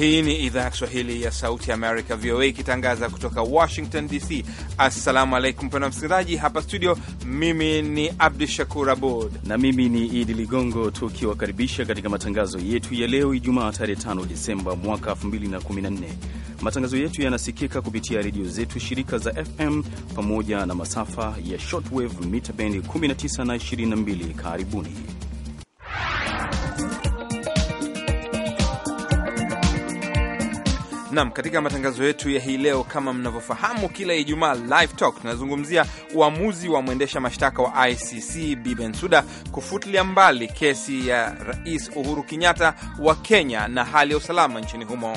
Hii ni idhaa ya Kiswahili ya Sauti ya Amerika, VOA, ikitangaza kutoka Washington DC. Assalamu alaikum pena msikilizaji. Hapa studio, mimi ni Abdu Shakur Abud na mimi ni Idi Ligongo, tukiwakaribisha katika matangazo yetu ya leo Ijumaa tarehe 5 Desemba mwaka 2014. Matangazo yetu yanasikika kupitia redio zetu shirika za FM pamoja na masafa ya shortwave mita bendi 19 na 22. Karibuni. Nam, katika matangazo yetu ya hii leo, kama mnavyofahamu, kila Ijumaa Live Talk tunazungumzia uamuzi wa mwendesha mashtaka wa ICC Bi Bensuda kufutilia mbali kesi ya Rais Uhuru Kenyatta wa Kenya na hali ya usalama nchini humo.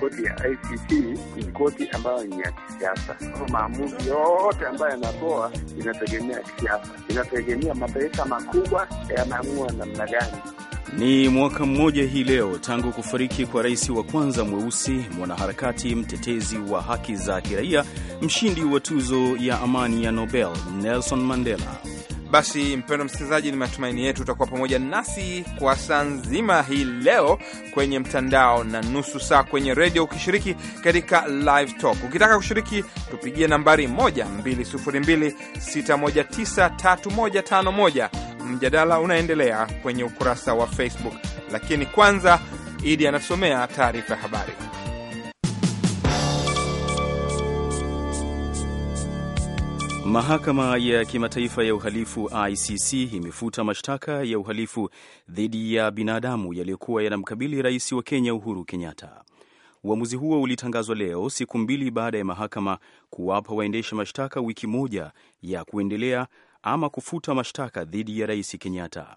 Koti ya ICC ni koti ambayo ni ya kisiasa. Maamuzi yote ambayo yanatoa inategemea kisiasa, inategemea mataifa makubwa yanaamua namna gani. Ni mwaka mmoja hii leo tangu kufariki kwa rais wa kwanza mweusi, mwanaharakati mtetezi wa haki za kiraia, mshindi wa tuzo ya amani ya Nobel, Nelson Mandela. Basi mpendo msikilizaji, ni matumaini yetu utakuwa pamoja nasi kwa saa nzima hii leo kwenye mtandao na nusu saa kwenye redio, ukishiriki katika live talk. Ukitaka kushiriki, tupigie nambari 12026193151. Mjadala unaendelea kwenye ukurasa wa Facebook, lakini kwanza Idi anatusomea taarifa ya habari. Mahakama ya Kimataifa ya Uhalifu ICC imefuta mashtaka ya uhalifu dhidi ya binadamu yaliyokuwa yanamkabili rais wa Kenya Uhuru Kenyatta. Uamuzi huo ulitangazwa leo, siku mbili baada ya mahakama kuwapa waendesha mashtaka wiki moja ya kuendelea ama kufuta mashtaka dhidi ya rais Kenyatta.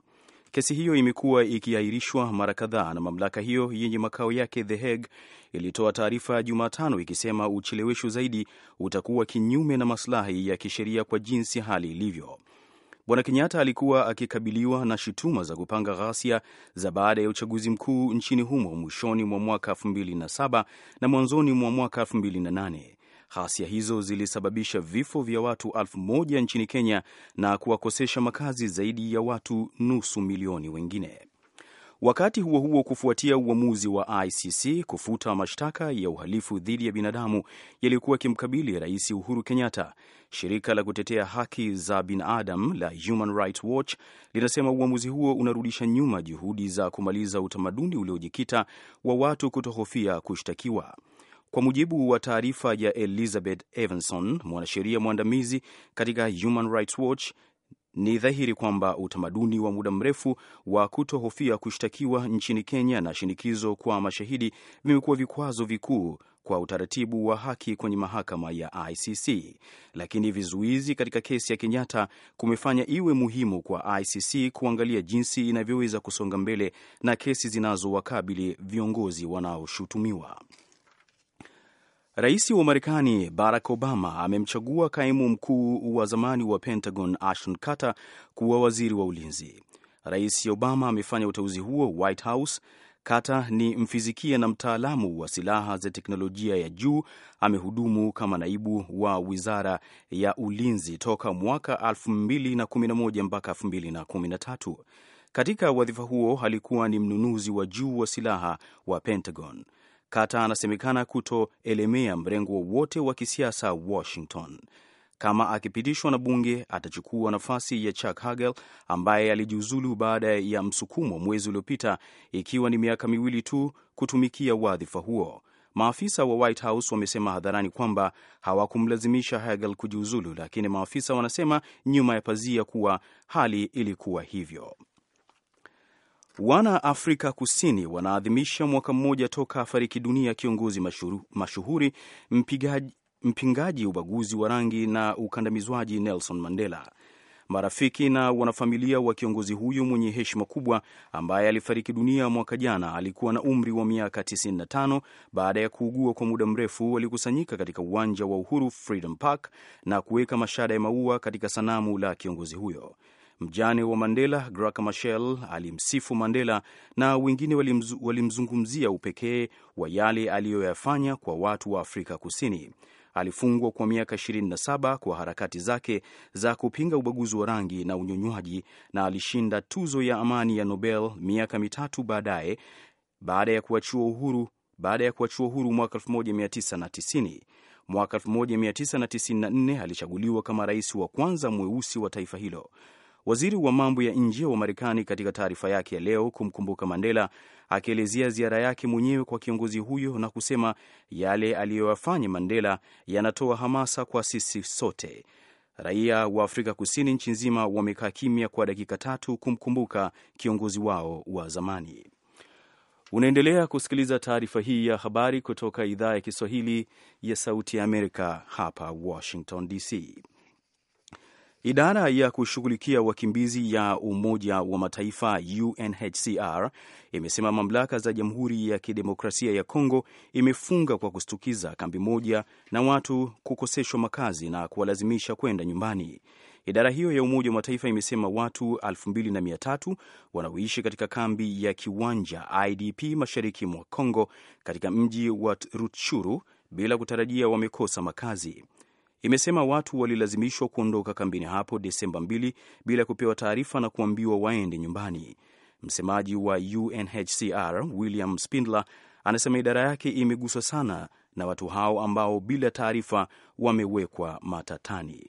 Kesi hiyo imekuwa ikiahirishwa mara kadhaa, na mamlaka hiyo yenye makao yake The Hague ilitoa taarifa Jumatano ikisema uchelewesho zaidi utakuwa kinyume na maslahi ya kisheria kwa jinsi hali ilivyo. Bwana Kenyatta alikuwa akikabiliwa na shutuma za kupanga ghasia za baada ya uchaguzi mkuu nchini humo mwishoni mwa mwaka 2007 na mwanzoni mwa mwaka 2008. Ghasia hizo zilisababisha vifo vya watu elfu moja nchini Kenya na kuwakosesha makazi zaidi ya watu nusu milioni wengine. Wakati huo huo, kufuatia uamuzi wa ICC kufuta mashtaka ya uhalifu dhidi ya binadamu yaliyokuwa yakimkabili Rais Uhuru Kenyatta, shirika la kutetea haki za binadamu la Human Rights Watch linasema uamuzi huo unarudisha nyuma juhudi za kumaliza utamaduni uliojikita wa watu kutohofia kushtakiwa. Kwa mujibu wa taarifa ya Elizabeth Evanson, mwanasheria mwandamizi katika Human Rights Watch, ni dhahiri kwamba utamaduni wa muda mrefu wa kutohofia kushtakiwa nchini Kenya na shinikizo kwa mashahidi vimekuwa vikwazo vikuu kwa utaratibu wa haki kwenye mahakama ya ICC, lakini vizuizi katika kesi ya Kenyatta kumefanya iwe muhimu kwa ICC kuangalia jinsi inavyoweza kusonga mbele na kesi zinazowakabili viongozi wanaoshutumiwa. Rais wa Marekani Barack Obama amemchagua kaimu mkuu wa zamani wa Pentagon Ashton Carter kuwa waziri wa ulinzi. Rais Obama amefanya uteuzi huo White House. Carter ni mfizikia na mtaalamu wa silaha za teknolojia ya juu. Amehudumu kama naibu wa wizara ya ulinzi toka mwaka 2011 mpaka 2013. Katika wadhifa huo alikuwa ni mnunuzi wa juu wa silaha wa Pentagon kata anasemekana kutoelemea mrengo wowote wa kisiasa Washington. Kama akipitishwa na bunge, atachukua nafasi ya Chuck Hagel ambaye alijiuzulu baada ya msukumo mwezi uliopita, ikiwa ni miaka miwili tu kutumikia wadhifa huo. Maafisa wa White House wamesema hadharani kwamba hawakumlazimisha Hagel kujiuzulu, lakini maafisa wanasema nyuma ya pazia kuwa hali ilikuwa hivyo. Wana Afrika Kusini wanaadhimisha mwaka mmoja toka afariki dunia kiongozi mashuhuri mpigaji, mpingaji ubaguzi wa rangi na ukandamizwaji Nelson Mandela. Marafiki na wanafamilia wa kiongozi huyo mwenye heshima kubwa ambaye alifariki dunia mwaka jana alikuwa na umri wa miaka 95 baada ya kuugua kwa muda mrefu, walikusanyika katika uwanja wa Uhuru Freedom Park na kuweka mashada ya maua katika sanamu la kiongozi huyo. Mjane wa Mandela, Graca Machel, alimsifu Mandela na wengine walimzu, walimzungumzia upekee wa yale aliyoyafanya kwa watu wa Afrika Kusini. Alifungwa kwa miaka 27 kwa harakati zake za kupinga ubaguzi wa rangi na unyonywaji na alishinda tuzo ya amani ya Nobel miaka mitatu baadaye baada ya kuachiwa uhuru baada ya kuachiwa uhuru mwaka 1990. Mwaka 1994 alichaguliwa kama rais wa kwanza mweusi wa taifa hilo. Waziri wa mambo ya nje wa Marekani katika taarifa yake ya leo kumkumbuka Mandela, akielezea ziara yake mwenyewe kwa kiongozi huyo na kusema yale aliyoyafanya Mandela yanatoa hamasa kwa sisi sote. Raia wa Afrika Kusini nchi nzima wamekaa kimya kwa dakika tatu kumkumbuka kiongozi wao wa zamani. Unaendelea kusikiliza taarifa hii ya habari kutoka idhaa ya Kiswahili ya Sauti ya Amerika, hapa Washington DC. Idara ya kushughulikia wakimbizi ya Umoja wa Mataifa UNHCR imesema mamlaka za Jamhuri ya Kidemokrasia ya Kongo imefunga kwa kustukiza kambi moja na watu kukoseshwa makazi na kuwalazimisha kwenda nyumbani. Idara hiyo ya Umoja wa Mataifa imesema watu 2300 wanaoishi katika kambi ya Kiwanja IDP mashariki mwa Kongo katika mji wa Rutshuru bila kutarajia wamekosa makazi imesema watu walilazimishwa kuondoka kambini hapo Desemba 2 bila kupewa taarifa na kuambiwa waende nyumbani. Msemaji wa UNHCR William Spindler anasema idara yake imeguswa sana na watu hao ambao bila taarifa wamewekwa matatani.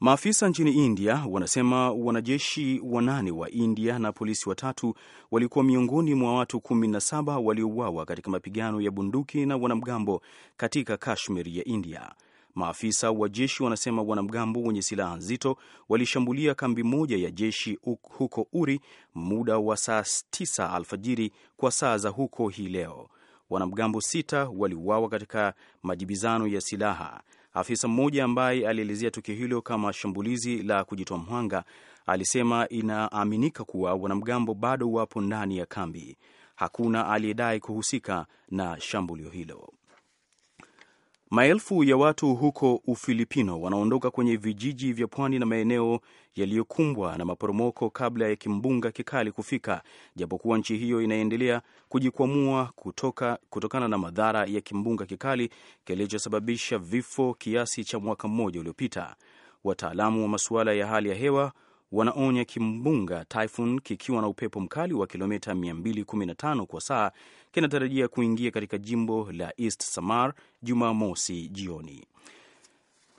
Maafisa nchini India wanasema wanajeshi wanane wa India na polisi watatu walikuwa miongoni mwa watu 17 waliouawa katika mapigano ya bunduki na wanamgambo katika Kashmir ya India. Maafisa wa jeshi wanasema wanamgambo wenye silaha nzito walishambulia kambi moja ya jeshi huko Uri muda wa saa 9 alfajiri kwa saa za huko hii leo. Wanamgambo sita waliuawa katika majibizano ya silaha. Afisa mmoja ambaye alielezea tukio hilo kama shambulizi la kujitoa mhanga alisema inaaminika kuwa wanamgambo bado wapo ndani ya kambi. Hakuna aliyedai kuhusika na shambulio hilo. Maelfu ya watu huko Ufilipino wanaondoka kwenye vijiji vya pwani na maeneo yaliyokumbwa na maporomoko kabla ya kimbunga kikali kufika, japokuwa nchi hiyo inaendelea kujikwamua kutoka, kutokana na madhara ya kimbunga kikali kilichosababisha vifo kiasi cha mwaka mmoja uliopita. Wataalamu wa masuala ya hali ya hewa wanaonya kimbunga Typhoon kikiwa na upepo mkali wa kilomita 215 kwa saa kinatarajia kuingia katika jimbo la East Samar Jumamosi jioni.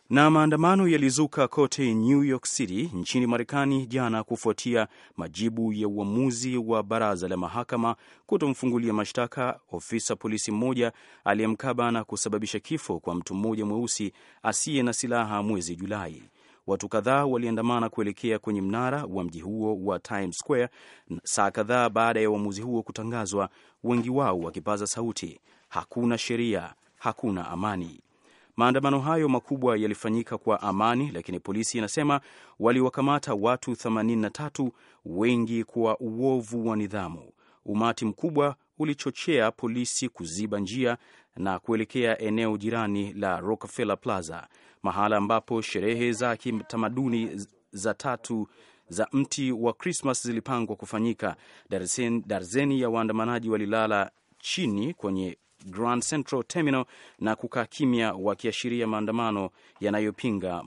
Na maandamano yalizuka kote New York City nchini Marekani jana kufuatia majibu ya uamuzi wa baraza la mahakama kutomfungulia mashtaka ofisa polisi mmoja aliyemkaba na kusababisha kifo kwa mtu mmoja mweusi asiye na silaha mwezi Julai. Watu kadhaa waliandamana kuelekea kwenye mnara wa mji huo wa Times Square saa kadhaa baada ya uamuzi huo kutangazwa, wengi wao wakipaza sauti, hakuna sheria, hakuna amani. Maandamano hayo makubwa yalifanyika kwa amani, lakini polisi inasema waliwakamata watu 83, wengi kwa uovu wa nidhamu. Umati mkubwa ulichochea polisi kuziba njia na kuelekea eneo jirani la Rockefeller Plaza mahala ambapo sherehe za kitamaduni za tatu za mti wa Krismas zilipangwa kufanyika. Darzeni, darzeni ya waandamanaji walilala chini kwenye Grand Central Terminal na kukaa kimya wakiashiria maandamano yanayopinga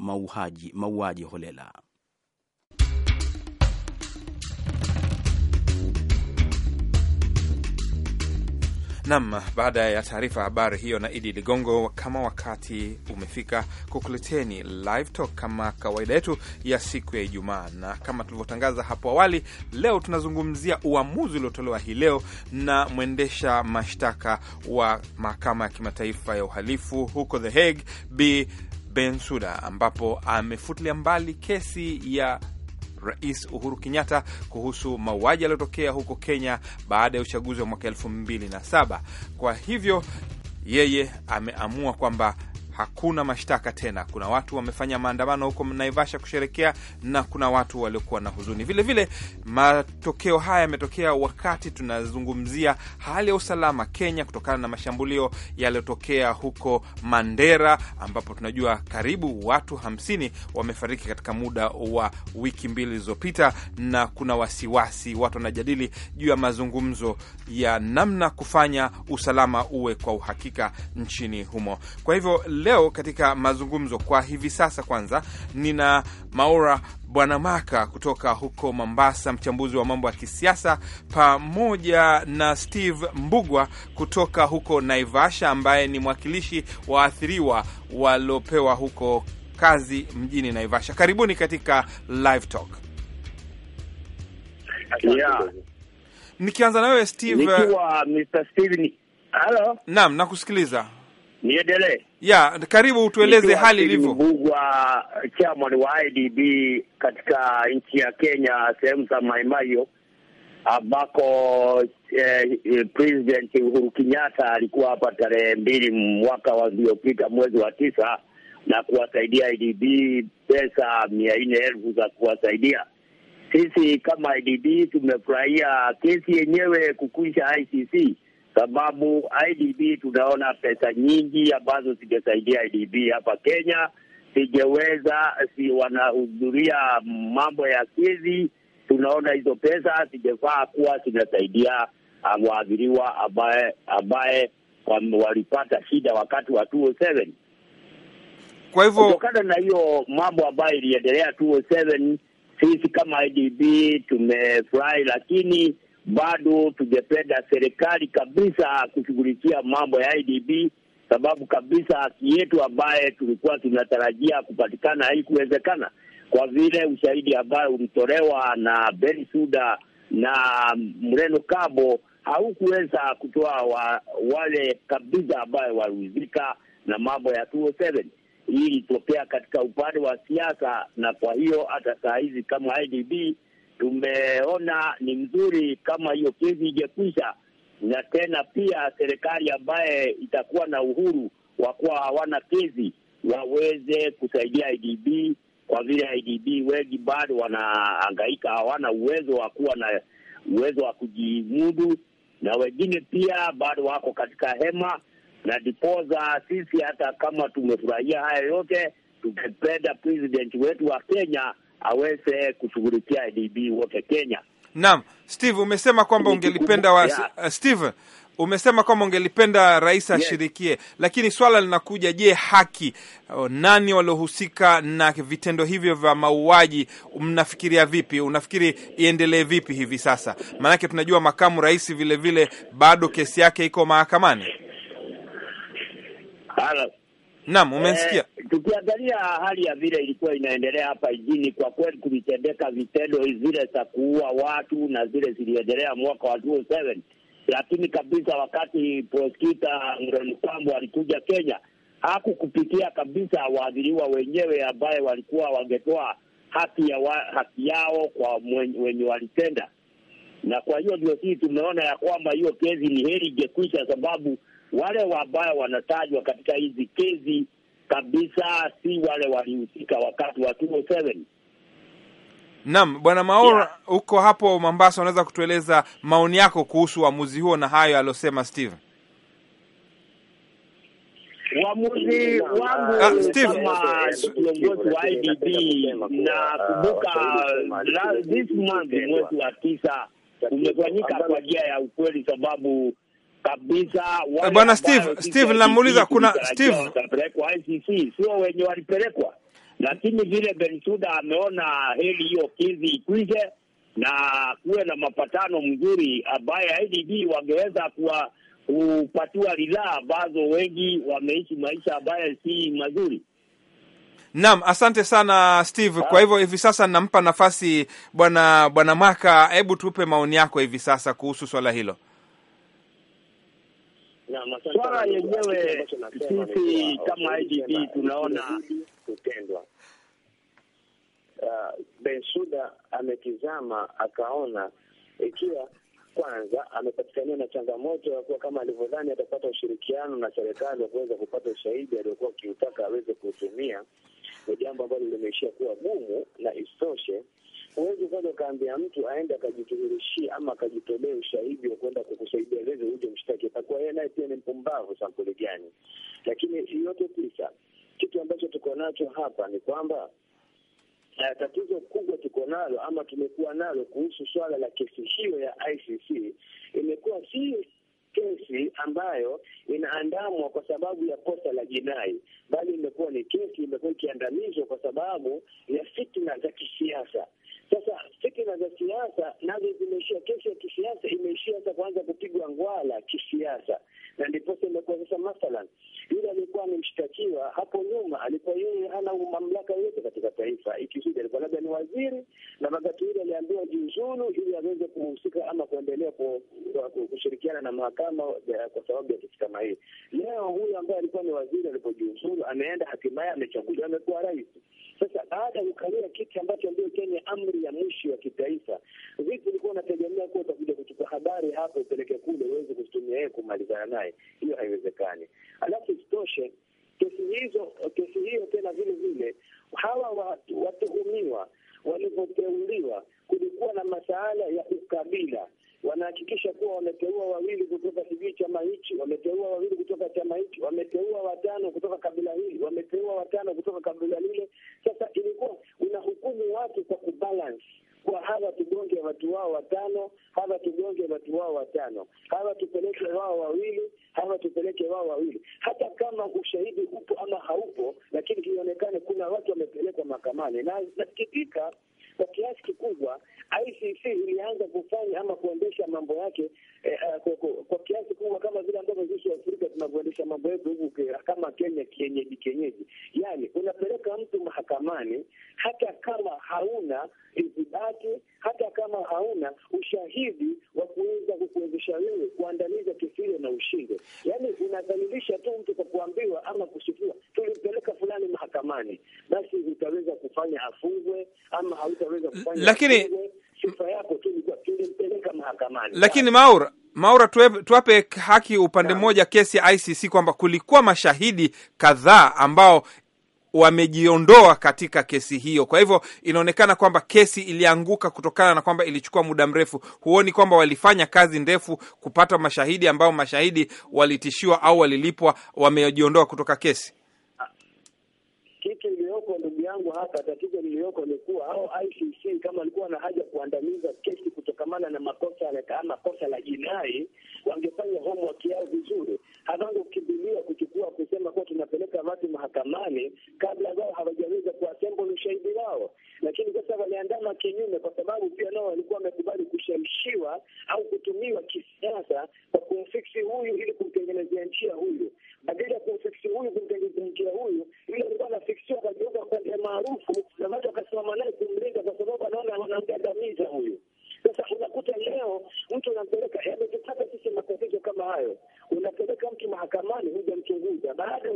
mauaji holela. Nam, baada ya taarifa habari hiyo na Idi Ligongo, kama wakati umefika kukuleteni live talk kama kawaida yetu ya siku ya Ijumaa, na kama tulivyotangaza hapo awali, leo tunazungumzia uamuzi uliotolewa hii leo na mwendesha mashtaka wa mahakama ya kimataifa ya uhalifu huko The Hague, Bi Bensuda, ambapo amefutilia mbali kesi ya Rais Uhuru Kenyatta kuhusu mauaji yaliyotokea huko Kenya baada ya uchaguzi wa mwaka elfu mbili na saba. Kwa hivyo yeye ameamua kwamba hakuna mashtaka tena. Kuna watu wamefanya maandamano huko Naivasha kusherekea na kuna watu waliokuwa na huzuni vilevile vile. Matokeo haya yametokea wakati tunazungumzia hali ya usalama Kenya kutokana na mashambulio yaliyotokea huko Mandera, ambapo tunajua karibu watu hamsini wamefariki katika muda wa wiki mbili zilizopita, na kuna wasiwasi, watu wanajadili juu ya mazungumzo ya namna kufanya usalama uwe kwa uhakika nchini humo. Kwa hivyo leo katika mazungumzo kwa hivi sasa, kwanza nina Maura Bwana Maka kutoka huko Mombasa, mchambuzi wa mambo ya kisiasa, pamoja na Steve Mbugwa kutoka huko Naivasha, ambaye ni mwakilishi waathiriwa waliopewa huko kazi mjini Naivasha. Karibuni katika Live Talk. Yeah. Nikianza na wewe Steve. Nikiwa Mr. Hello. Naam, nakusikiliza. Niendelee? Yeah, karibu utueleze hali ilivyo. Mbugwa, chairman wa IDB katika nchi ya Kenya, sehemu za Maimayo ambako eh, President Uhuru Kenyatta alikuwa hapa tarehe mbili mwaka uliopita mwezi wa tisa na kuwasaidia IDB pesa mia nne elfu za kuwasaidia sisi kama IDB tumefurahia kesi yenyewe kukwisha ICC sababu IDB tunaona pesa nyingi ambazo zingesaidia IDB hapa Kenya sijeweza si wanahudhuria mambo ya kezi Tunaona hizo pesa sijefaa kuwa zinasaidia ah, waathiriwa ambaye ambaye walipata shida wakati wa 2007. Kwa hivyo kutokana na hiyo mambo ambayo iliendelea 2007, sisi kama IDB tumefurahi, lakini bado tungependa serikali kabisa kushughulikia mambo ya IDB, sababu kabisa haki yetu ambaye tulikuwa tunatarajia kupatikana haikuwezekana kwa vile ushahidi ambayo ulitolewa na Ben Suda na Mreno Kabo haukuweza kutoa wa, wale kabisa ambayo walihuzika na mambo ya 2007. Hii ilitokea katika upande wa siasa, na kwa hiyo hata saa hizi kama IDB tumeona ni mzuri kama hiyo kesi ingekwisha, na tena pia serikali ambaye itakuwa na uhuru wa kuwa hawana kesi waweze kusaidia IDB kwa vile IDB wengi bado wanahangaika, hawana uwezo wa kuwa na uwezo wa kujimudu, na wengine pia bado wako katika hema. Na dipoza sisi, hata kama tumefurahia haya yote, tungependa president wetu wa Kenya aweze kushughulikia DB wote Kenya. Naam, Steve umesema kwamba ungelipenda wa, uh, Steve umesema kwamba ungelipenda rais ashirikie, yes. Lakini swala linakuja, je, haki uh, nani waliohusika na vitendo hivyo vya mauaji mnafikiria vipi? Unafikiri iendelee vipi hivi sasa? Maanake tunajua makamu rais vilevile bado kesi yake iko mahakamani. Naam, umesikia. E, tukiangalia hali ya vile ilikuwa inaendelea hapa jijini, kwa kweli kulitendeka vitendo zile za kuua watu na zile ziliendelea mwaka wa 2007 lakini kabisa, wakati prosecutor Ngoreni Kwambo alikuja Kenya hakukupitia kabisa waadhiriwa wenyewe ambaye walikuwa wangetoa haki ya wa, haki yao kwa mwenye, wenye walitenda na kwa hiyo ndio sisi tumeona ya kwamba hiyo kesi ni heri ingekwisha, sababu wale wabaya wanatajwa katika hizi kesi kabisa si wale walihusika wakati wa 2007. Naam, bwana Maora, yeah. Uko hapo Mombasa, unaweza kutueleza maoni yako kuhusu uamuzi huo na hayo aliosema Steve? Uamuzi wangu kama kiongozi wa IDB na kubuka this month mwezi wa tisa umefanyika kwa njia ya ukweli, sababu kabisa eh, bwana Steve, Steve namuuliza, kuna Steve watapelekwa ICC, sio wenye walipelekwa, lakini vile Bensouda ameona heli hiyo kizi ikwize na kuwe na mapatano mzuri ambaye IDB wangeweza kuwa kupatiwa ridhaa ambazo wengi wameishi maisha ambayo si mazuri. Naam, asante sana Steve. Kwa hivyo hivi sasa nampa nafasi bwana bwana Maka, hebu tupe maoni yako hivi sasa kuhusu swala hilo. Swala yenyewe sisi kama IDP tunaona kutendwa. Uh, ah, Bensuda ametizama akaona ikiwa kwanza amepatikania na changamoto ya kuwa kama alivyodhani atapata ushirikiano na serikali wa kuweza kupata ushahidi aliokuwa akiutaka aweze kuutumia ni jambo ambalo limeishia kuwa gumu, na isitoshe huwezi kwanza ukaambia mtu aende akajituhurishie ama akajitolee ushahidi wa kuenda kukusaidia leze huje mshtaki, atakuwa yeye naye pia ni mpumbavu sampuli gani? Lakini yote tisa, kitu ambacho tuko nacho hapa ni kwamba na eh, tatizo kubwa tuko nalo ama tumekuwa nalo kuhusu swala la kesi hiyo ya ICC imekuwa si kesi ambayo inaandamwa kwa sababu ya kosa la jinai, bali imekuwa ni kesi imekuwa ikiandamizwa kwa sababu ya fitna za kisiasa. Sasa fikira za siasa nazo zimeishia, kesi ya kisiasa imeishia sasa kuanza kupigwa ngwala kisiasa, na ndipo imekuwa sasa, mathalan, yule aliyekuwa amemshtakiwa hapo nyuma alikuwa yeye hana mamlaka yote katika taifa, ikizidi alikuwa labda ni waziri, na wakati yule aliambiwa jiuzulu ili aweze kumhusika ama kuendelea kushirikiana na mahakama kwa sababu ya kesi kama hii. Leo huyu ambaye alikuwa ni waziri alipojiuzulu, ameenda hatimaye amechaguliwa, amekuwa rais. Sasa baada ya kukalia kiti ambacho ndio chenye amri habari ya mwisho ya kitaifa. Vipi ulikuwa unategemea kuwa utakuja kuchukua habari hapa upeleke kule uweze kuzitumia yeye kumalizana naye? Hiyo haiwezekani. Alafu isitoshe kesi hizo, kesi hiyo tena vile vile, hawa watu watuhumiwa walivyoteuliwa, kulikuwa na masuala ya ukabila wanahakikisha kuwa wameteua wawili kutoka kijiji chama hichi, wameteua wawili kutoka chama hichi, wameteua watano kutoka kabila hili, wameteua watano kutoka kabila lile. Sasa ilikuwa unahukumu watu kwa kubalance kwa hawa tugonge watu wao watano, hawa tugonge watu wao watano, hawa tupeleke wao wawili, hawa tupeleke wao wawili, hata kama ushahidi upo ama haupo, lakini kionekane kuna watu wamepelekwa mahakamani, na nasikitika kwa kiasi kikubwa ICC ilianza kufanya ama kuendesha mambo yake eh, eh, kwa, kwa, kwa kiasi kikubwa kama vile ambavyo sisi Afrika tunavyoendesha mambo yetu huku kama Kenya kienyeji kienyeji, yani unapeleka mtu mahakamani hata kama hauna ithibati, hata kama hauna ushahidi wa kuweza kukuwezesha wewe kuandaliza kesi na ushinde, Yani unadhalilisha tu mtu kwa kuambiwa ama kusifiwa tulimpeleka fulani mahakamani, basi utaweza kufanya afungwe ama hauta kufanya lakini sifa yako tu ni mahakamani. Lakini Maura Maura, tuwape haki upande mmoja, kesi ya ICC kwamba kulikuwa mashahidi kadhaa ambao wamejiondoa katika kesi hiyo. Kwa hivyo inaonekana kwamba kesi ilianguka kutokana na kwamba ilichukua muda mrefu. Huoni kwamba walifanya kazi ndefu kupata mashahidi ambao mashahidi walitishiwa au walilipwa, wamejiondoa kutoka kesi? haraka. Tatizo liliyoko ni kuwa au ICC kama walikuwa na haja kuandamiza kesi kutokamana na makosa kama kosa la jinai, wangefanya homework yao vizuri, hawangekimbilia kuchukua kusema kuwa tunapeleka watu mahakamani kabla wao hawajaweza kuassemble ushahidi wao lakini sasa waliandama kinyume, kwa sababu pia nao walikuwa wamekubali kushawishiwa au kutumiwa kisiasa kwa kumfiksi huyu ili kumtengenezea njia huyu, badala ya kumfiksi huyu kumtengenezea njia huyu, yule alikuwa anafiksiwa kageuka kwa maarufu, na watu wakasimama naye kumlinda, kwa sababu anaona wanamgandamiza huyu. Sasa unakuta leo mtu anampeleka, yametupata sisi matatizo kama hayo unapeleka mtu mahakamani, hujamchunguza. Baada ya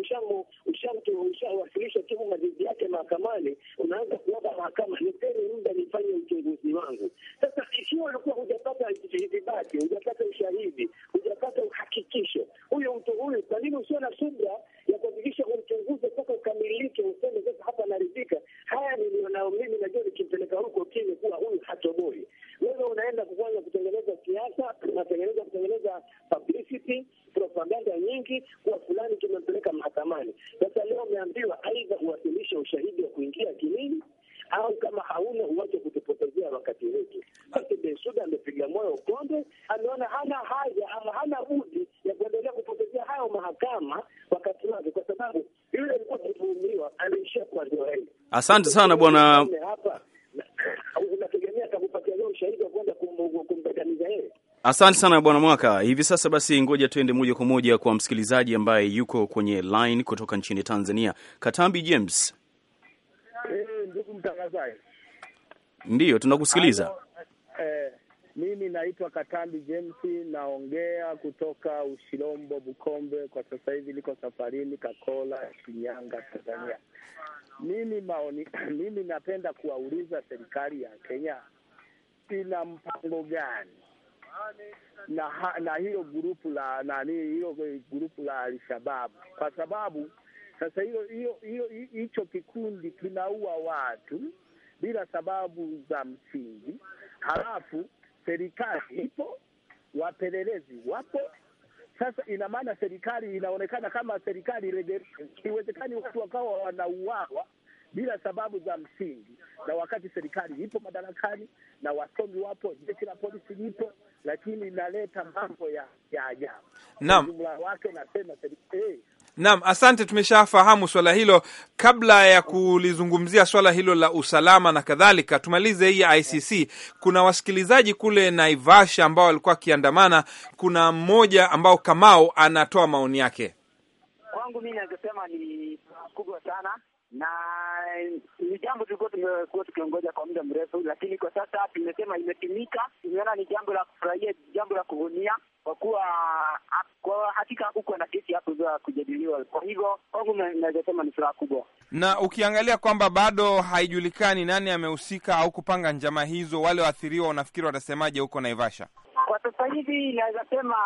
ushawasilisha tu majibu yake mahakamani, unaanza kuomba mahakama, nipeni muda nifanye uchunguzi wangu. Sasa ikiwa ulikuwa hujapata ithibati, hujapata ushahidi, hujapata uhakikisho, huyo mtu huyu, kwa nini usio na subra ya kuhakikisha umchunguze mpaka ukamilike, useme sasa, hapa naridhika, haya nilionao mimi najua nikimpeleka huko kile kuwa huyu hatoboi. Wewe unaenda kuanza kutengeneza siasa, unatengeneza kutengeneza publicity propaganda nyingi kuwa fulani kimempeleka mahakamani. Sasa leo umeambiwa aidha uwasilishe ushahidi wa kuingia kinini au kama hauna uwache kutupotezea wakati wetu. Basi Bensuda amepiga moyo ukonde, ameona hana haja ama hana budi ya kuendelea kupotezea hayo mahakama wakati wake, kwa sababu yule alikuwa akituhumiwa ameishia kuwazoeli. Asante sana bwana Asante sana bwana Mwaka. Hivi sasa basi, ngoja tuende moja kwa moja kwa msikilizaji ambaye yuko kwenye line kutoka nchini Tanzania, Katambi James. Eh, ndugu mtangazaji, ndiyo tunakusikiliza. Eh, mimi naitwa Katambi James, naongea kutoka Ushilombo Bukombe, kwa sasa hivi niko safarini Kakola, Shinyanga, Tanzania. Mimi maoni, mimi napenda kuwauliza serikali ya Kenya ina mpango gani na na hilo grupu la nani, hilo grupu la Alshababu, kwa sababu sasa hiyo hiyo hiyo hicho kikundi kinaua watu bila sababu za msingi, halafu serikali ipo, wapelelezi wapo. Sasa ina maana serikali inaonekana kama serikali, iwezekani watu wakawa wanauawa bila sababu za msingi, na wakati serikali ipo madarakani na wasomi wapo, jeshi la polisi lipo, lakini inaleta mambo ya ya ajabu. Naam, jumla wake nasema serikali eh. Naam, asante. Tumeshafahamu swala hilo. Kabla ya oh. kulizungumzia swala hilo la usalama na kadhalika, tumalize hii ICC. Kuna wasikilizaji kule Naivasha ambao walikuwa wakiandamana. Kuna mmoja ambao Kamau anatoa maoni yake. Kwangu mi naweza ni kubwa sana na ni jambo tulikuwa tumekuwa tukiongoja kwa muda mrefu, lakini kwa sasa tumesema imetimika. Tumeona ni jambo la kufurahia, jambo la kuvunia, kwa kuwa kwa hakika hakukuwa na kesi hapo za kujadiliwa. Kwa hivyo kwangu naweza sema ni furaha kubwa, na ukiangalia kwamba bado haijulikani nani amehusika au kupanga njama hizo. Wale waathiriwa unafikiri watasemaje huko Naivasha? Kwa sasa hivi naweza sema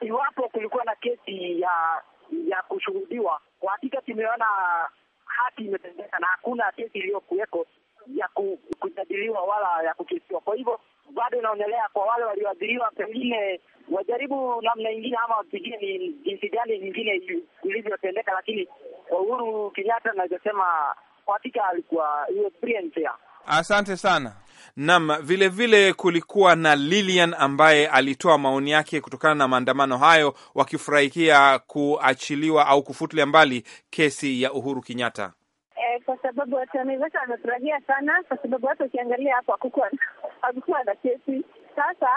iwapo kulikuwa na kesi ya ya kushuhudiwa, kwa hakika tumeona haki imetendeka na hakuna kesi iliyokuweko ya kujadiliwa wala ya kukesiwa. Kwa hivyo bado inaonelea kwa wale walioadhiriwa, pengine wajaribu namna ingine ama wapigie ni jinsi gani nyingine ilivyotendeka, lakini Uhuru Kenyatta anaweza sema kwa hakika alikuwa hiyo experience ya Asante sana. Nam, vilevile kulikuwa na Lilian ambaye alitoa maoni yake kutokana na maandamano hayo, wakifurahikia kuachiliwa au kufutulia mbali kesi ya Uhuru Kenyatta. Eh, kwa sababu watu wa wamefurahia sana, kwa sababu watu wakiangalia hapo hakukuwa na kesi. Sasa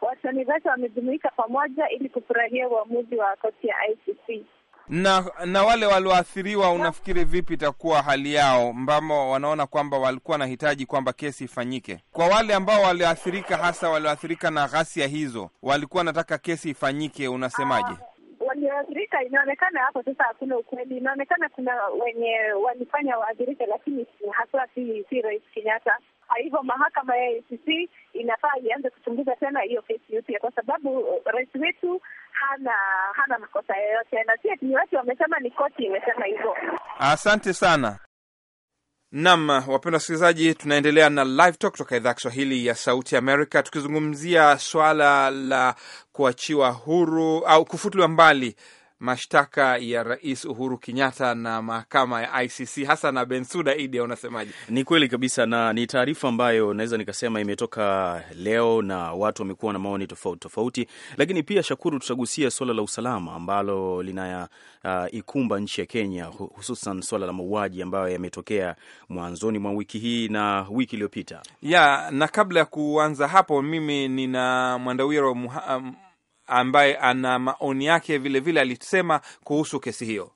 watu wa wamejumuika pamoja ili kufurahia uamuzi wa koti ya ICC na na wale walioathiriwa, unafikiri vipi itakuwa hali yao, ambamo wanaona kwamba walikuwa wanahitaji kwamba kesi ifanyike? Kwa wale ambao walioathirika, hasa walioathirika na ghasia hizo, walikuwa wanataka kesi ifanyike, unasemaje? Ah, walioathirika inaonekana hapo sasa hakuna ukweli. Inaonekana kuna wenye walifanya waathirika, lakini haswa si si Rais Kenyatta. Kwa hivyo mahakama ya ICC inafaa ianze kuchunguza tena hiyo kesi upya, kwa sababu eh, rais wetu hana hana makosa yoyote, na pia ni watu wamesema, ni koti imesema hivyo. Asante sana. Nam, wapendwa wasikilizaji, tunaendelea na Live Talk kutoka idhaa ya Kiswahili ya Sauti Amerika, tukizungumzia swala la kuachiwa huru au kufutuliwa mbali mashtaka ya Rais Uhuru Kenyatta na mahakama ya ICC hasa na Bensuda Idi, unasemaje? Ni kweli kabisa, na ni taarifa ambayo naweza nikasema imetoka leo na watu wamekuwa na maoni tofauti tofauti, lakini pia Shakuru, tutagusia suala la usalama ambalo linaya uh, ikumba nchi ya Kenya, hususan swala la mauaji ambayo yametokea mwanzoni mwa wiki hii na wiki iliyopita ya na kabla ya kuanza hapo, mimi nina Mwandawiro ambaye ana maoni yake vilevile vile alisema kuhusu kesi hiyo.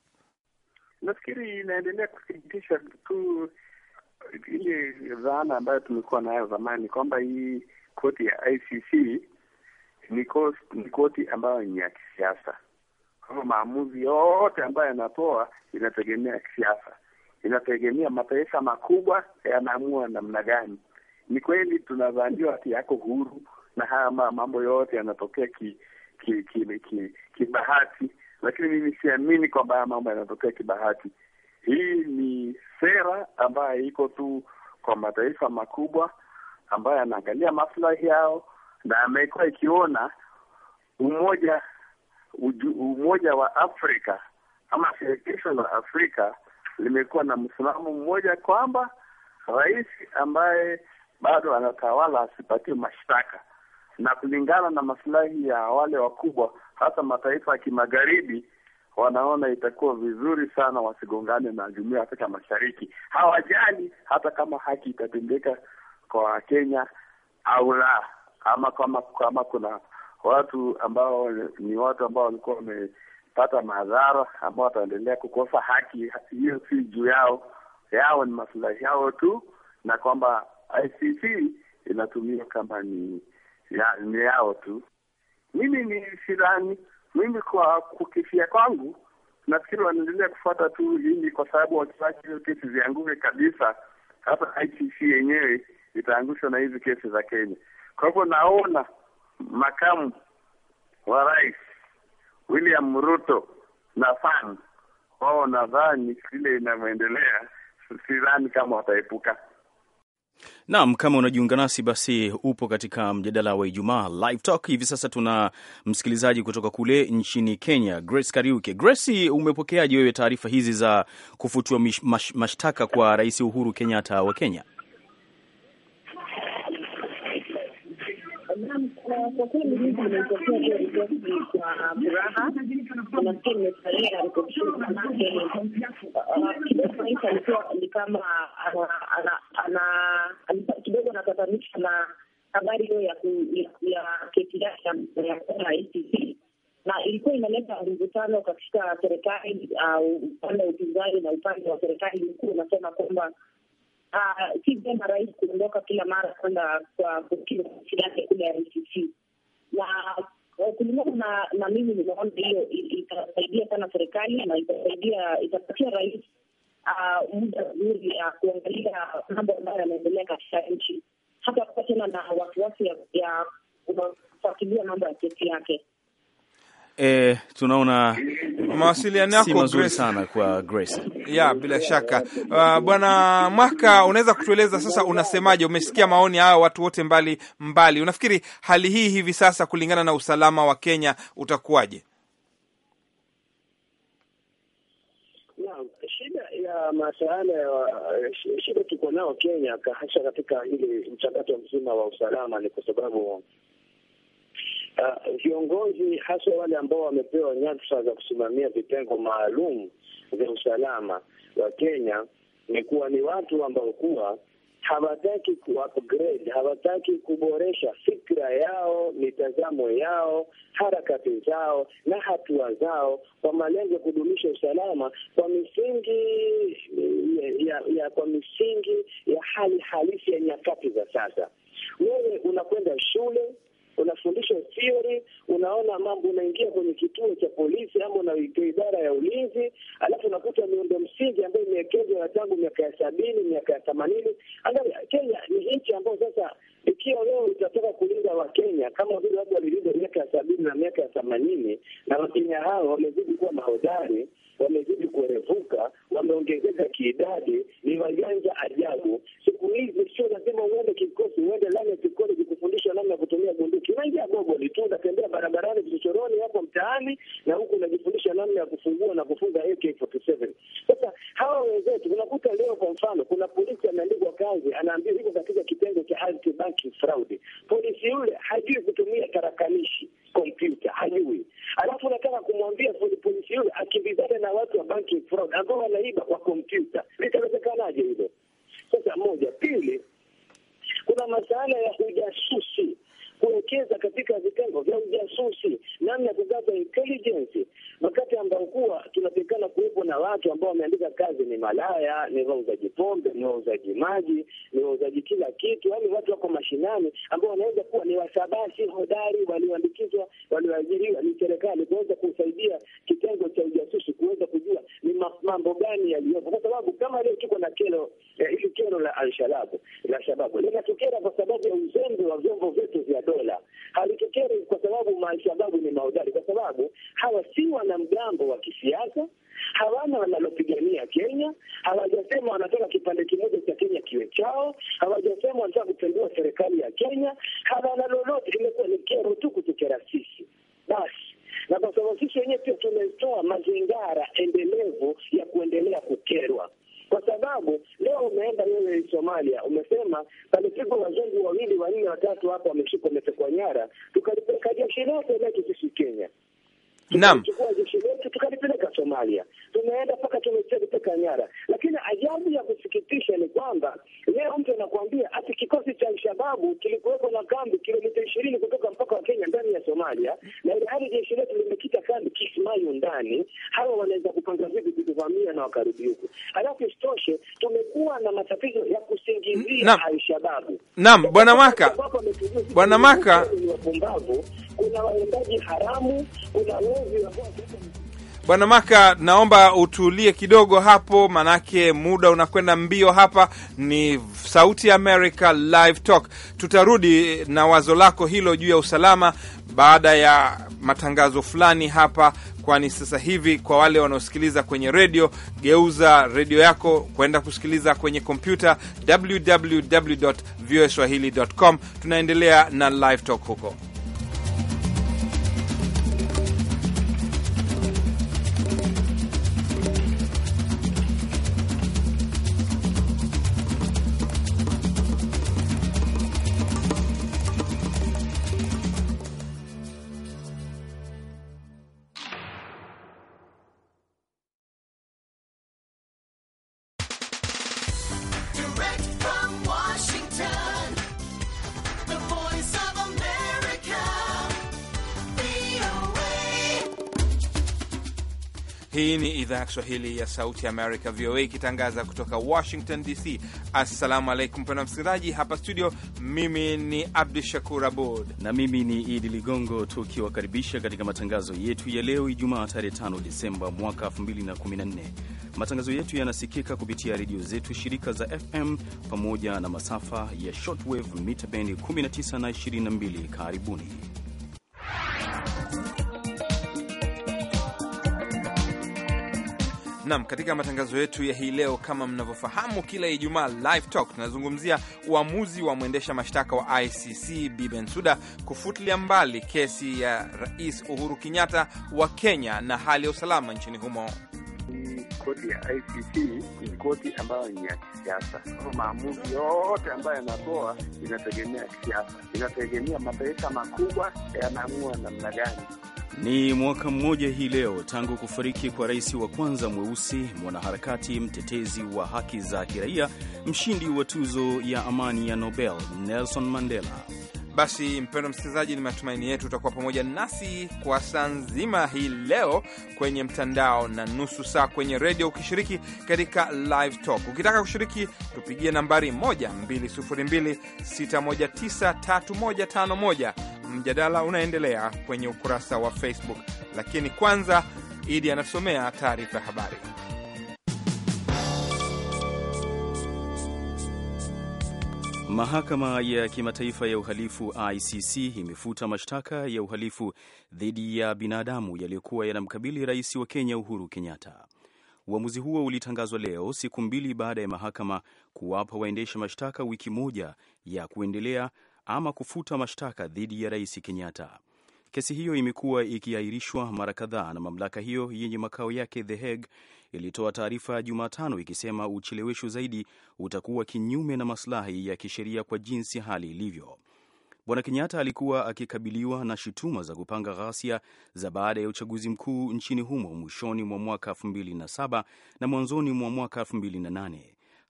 Nafikiri inaendelea kuthibitisha tu ile dhana ambayo tumekuwa nayo zamani kwamba hii koti ya ICC ni koti ambayo ni ya kisiasa. Kwa maamuzi yote ambayo yanatoa inategemea kisiasa, inategemea mataifa makubwa yanaamua namna gani. Ni kweli tunadhaniwa ati yako huru na haya mambo yote yanatokea ki, kibahati, lakini mimi siamini kwamba haya mambo yanatokea kibahati. Hii ni sera ambayo iko tu kwa mataifa makubwa ambayo yanaangalia maslahi yao na amekuwa ikiona umoja uju, umoja wa Afrika ama shirikisho la Afrika limekuwa na msimamo mmoja kwamba rais ambaye bado anatawala asipatiwe mashtaka na kulingana na maslahi ya wale wakubwa, hasa mataifa ya kimagharibi wanaona itakuwa vizuri sana wasigongane na jumuiya ya Afrika Mashariki. Hawajali hata kama haki itatendeka kwa Wakenya au la, ama kama kama kuna watu ambao ni watu ambao walikuwa wamepata madhara ambao wataendelea kukosa haki, hiyo si juu yao, yao ni masilahi yao tu, na kwamba ICC inatumia kama ni ya, ni yao tu. Mimi ni sidhani, mimi kwa kukifia kwangu nafikiri wanaendelea kufuata tu hili, kwa sababu wakiwacha hizo kesi zianguke kabisa, hata ICC yenyewe itaangushwa na hizi kesi za Kenya. Kwa hivyo naona makamu wa rais William Ruto na FAN wao, nadhani vile inavyoendelea, sidhani kama wataepuka Naam, kama unajiunga nasi basi, upo katika mjadala wa Ijumaa Live Talk. Hivi sasa tuna msikilizaji kutoka kule nchini Kenya, Grace Kariuke. Grace, umepokeaje wewe taarifa hizi za kufutua mashtaka kwa Rais Uhuru Kenyatta wa Kenya? Naam, kwa kweli hizi imetokea hiyo ripoti kwa furaha. Nafikiri nimefurahia ripoti hii, manake kidogo rais alikuwa ni kama kidogo anapatanisha na habari hiyo ya kesi yake ya kuwa rais na ilikuwa inaleta mvutano katika serikali, upande wa upinzani na upande wa serikali. mkuu unasema kwamba Ah, si vyema rais kuondoka kila mara kwenda kwa ofisi yake kule ya RCC na eh, kulingana na na mimi nimeona hiyo itasaidia sana serikali na itasaidia itapatia rais ah, muda mzuri ya kuangalia mambo ambayo yanaendelea katika nchi, hata kuwa tena na wasiwasi ya kufuatilia mambo ya kesi yake eh, tunaona mawasiliano yako si mazuri sana kwa Grace. Ya, bila shaka uh, bwana Mwaka, unaweza kutueleza sasa, unasemaje? Umesikia maoni hayo watu wote mbali mbali, unafikiri hali hii hivi sasa kulingana na usalama wa Kenya utakuwaje? Masuala ya shida tuko nao Kenya, hasa katika hili mchakato mzima wa usalama, ni kwa sababu Eh, viongozi uh, hasa wale ambao wamepewa nyadhifa za kusimamia vitengo maalum vya usalama wa Kenya ni kuwa ni watu ambao kuwa hawataki ku-upgrade, hawataki kuboresha fikra yao, mitazamo yao, harakati zao na hatua zao kwa malengo ya kudumisha usalama kwa misingi eh, ya, ya kwa misingi ya hali halisi ya nyakati za sasa. Wewe unakwenda shule unafundishwa theory, unaona mambo, unaingia kwenye kituo cha polisi ama una idara ya ulinzi, alafu unakuta miundo msingi ambayo imewekezwa tangu miaka ya sabini, miaka ya themanini. Angalia Kenya ni nchi ambayo sasa ikiwa leo utatoka kulinda Wakenya kama vile watu walilinda miaka ya sabini na miaka ya themanini, na Wakenya hao wamezidi kuwa mahodari, wamezidi kuerevuka, wameongezeka kiidadi, ni wajanja ajabu. Siku hizi sio lazima uende kikosi, uende lani ya kikoleji kufundishwa namna ya kutumia bunduki. Unaingia gogoli tu, unatembea barabarani, vichochoroni, hapo mtaani, na huku unajifundisha namna ya kufungua na kufunga AK47. Sasa hawa wenzetu unakuta leo, kwa mfano, kuna polisi ameandikwa kazi, anaambiwa iko katika kitengo cha kifraudi. Polisi yule hajui kutumia tarakanishi, kompyuta hajui, alafu unataka kumwambia polisi yule akimbizane na watu wa banking fraud ambao wanaiba kwa kompyuta, litawezekanaje hilo? Sasa moja. Pili, kuna masuala ya ujasusi kuwekeza katika vitengo vya ujasusi, namna ya kugaza intelligence, wakati ambao kuwa tunatekana kuwepo na watu ambao wameandika kazi ni malaya, ni wauzaji pombe, ni wauzaji maji, ni wauzaji kila kitu, yaani watu wako mashinani ambao wanaweza kuwa ni wasabasi hodari walioandikizwa, walioajiriwa ni serikali kuweza kusaidia kitengo cha ujasusi kuweza kujua ni mambo gani yaliyopo, kwa sababu kama leo tuko na kero eh, hili eh, kero la Alshababu la shababu linatokea kwa sababu ya uzembe wa vyombo vyetu vya Sola. Halitokei kwa sababu Maalshababu ni mahodari, kwa sababu hawa si wanamgambo wa kisiasa, hawana wanalopigania Kenya, hawajasema wanataka kipande kimoja cha Kenya kiwe chao, hawajasema wanataka kupindua serikali ya Kenya, hawana lolote. Imekuwa ni kero tu kutukera sisi basi na kwa sababu sisi wenyewe pia tumetoa mazingara endelevu ya kuendelea kukerwa kwa sababu leo umeenda wewe Somalia, umesema pamepigwa wazungu wawili wanne watatu hapo, wameshikwa wametekwa nyara, tukalipeleka jeshi letu letu sisi Kenya, tukachukua jeshi letu tukalipeleka Somalia tumeenda mpaka tumecheza teka nyara. Lakini ajabu ya kusikitisha ni kwamba leo mtu anakuambia ati kikosi cha Alshababu kilikuwepo na kambi kilomita ishirini kutoka mpaka wa Kenya ndani ya Somalia, na ile hali jeshi letu limekita kambi Kismayu ndani. Hawa wanaweza kupanga vipi kutuvamia na wakarudi huku? Alafu isitoshe tumekuwa na matatizo ya kusingizia Alshababu. Naam, bwana Maka, bwana Maka, kuna waendaji haramu, kuna wezi wa Bwana Maka, naomba utulie kidogo hapo, manake muda unakwenda mbio. Hapa ni Sauti America Live Talk. Tutarudi na wazo lako hilo juu ya usalama baada ya matangazo fulani hapa, kwani sasa hivi kwa wale wanaosikiliza kwenye redio, geuza redio yako kwenda kusikiliza kwenye kompyuta www swahilicom Tunaendelea na Live Talk huko. Hii ni idhaa ya Kiswahili ya Sauti Amerika, VOA, ikitangaza kutoka Washington DC. Assalamu alaikum pena msikilizaji, hapa studio. Mimi ni Abdu Shakur Abud na mimi ni Idi Ligongo, tukiwakaribisha katika matangazo yetu ya leo Ijumaa tarehe 5 Disemba mwaka 2014. Matangazo yetu yanasikika kupitia redio zetu shirika za FM pamoja na masafa ya shortwave mita bendi 19 na 22. Karibuni Nam, katika matangazo yetu ya hii leo, kama mnavyofahamu, kila Ijumaa Live Talk tunazungumzia uamuzi wa mwendesha mashtaka wa ICC Bi Bensuda kufutilia mbali kesi ya Rais Uhuru Kenyatta wa Kenya na hali ya usalama nchini humo. Koti ya ICC ni koti ambayo ni ya kisiasa. Maamuzi yote ambayo yanatoa inategemea kisiasa, inategemea mataifa makubwa yanaamua namna gani ni mwaka mmoja hii leo tangu kufariki kwa rais wa kwanza mweusi, mwanaharakati, mtetezi wa haki za kiraia, mshindi wa tuzo ya amani ya Nobel Nelson Mandela. Basi mpendo msikilizaji, ni matumaini yetu utakuwa pamoja nasi kwa saa nzima hii leo kwenye mtandao na nusu saa kwenye redio, ukishiriki katika live talk. Ukitaka kushiriki, tupigie nambari 12026193151. Mjadala unaendelea kwenye ukurasa wa Facebook, lakini kwanza Idi anasomea taarifa ya habari. Mahakama ya Kimataifa ya Uhalifu ICC imefuta mashtaka ya uhalifu dhidi ya binadamu yaliyokuwa yanamkabili rais wa Kenya Uhuru Kenyatta. Uamuzi huo ulitangazwa leo, siku mbili baada ya mahakama kuwapa waendesha mashtaka wiki moja ya kuendelea ama kufuta mashtaka dhidi ya rais Kenyatta. Kesi hiyo imekuwa ikiahirishwa mara kadhaa na mamlaka hiyo yenye makao yake The Hague ilitoa taarifa Jumatano ikisema uchelewesho zaidi utakuwa kinyume na maslahi ya kisheria kwa jinsi hali ilivyo. Bwana Kenyatta alikuwa akikabiliwa na shutuma za kupanga ghasia za baada ya uchaguzi mkuu nchini humo mwishoni mwa mwaka 2007 na mwanzoni mwa mwaka 2008.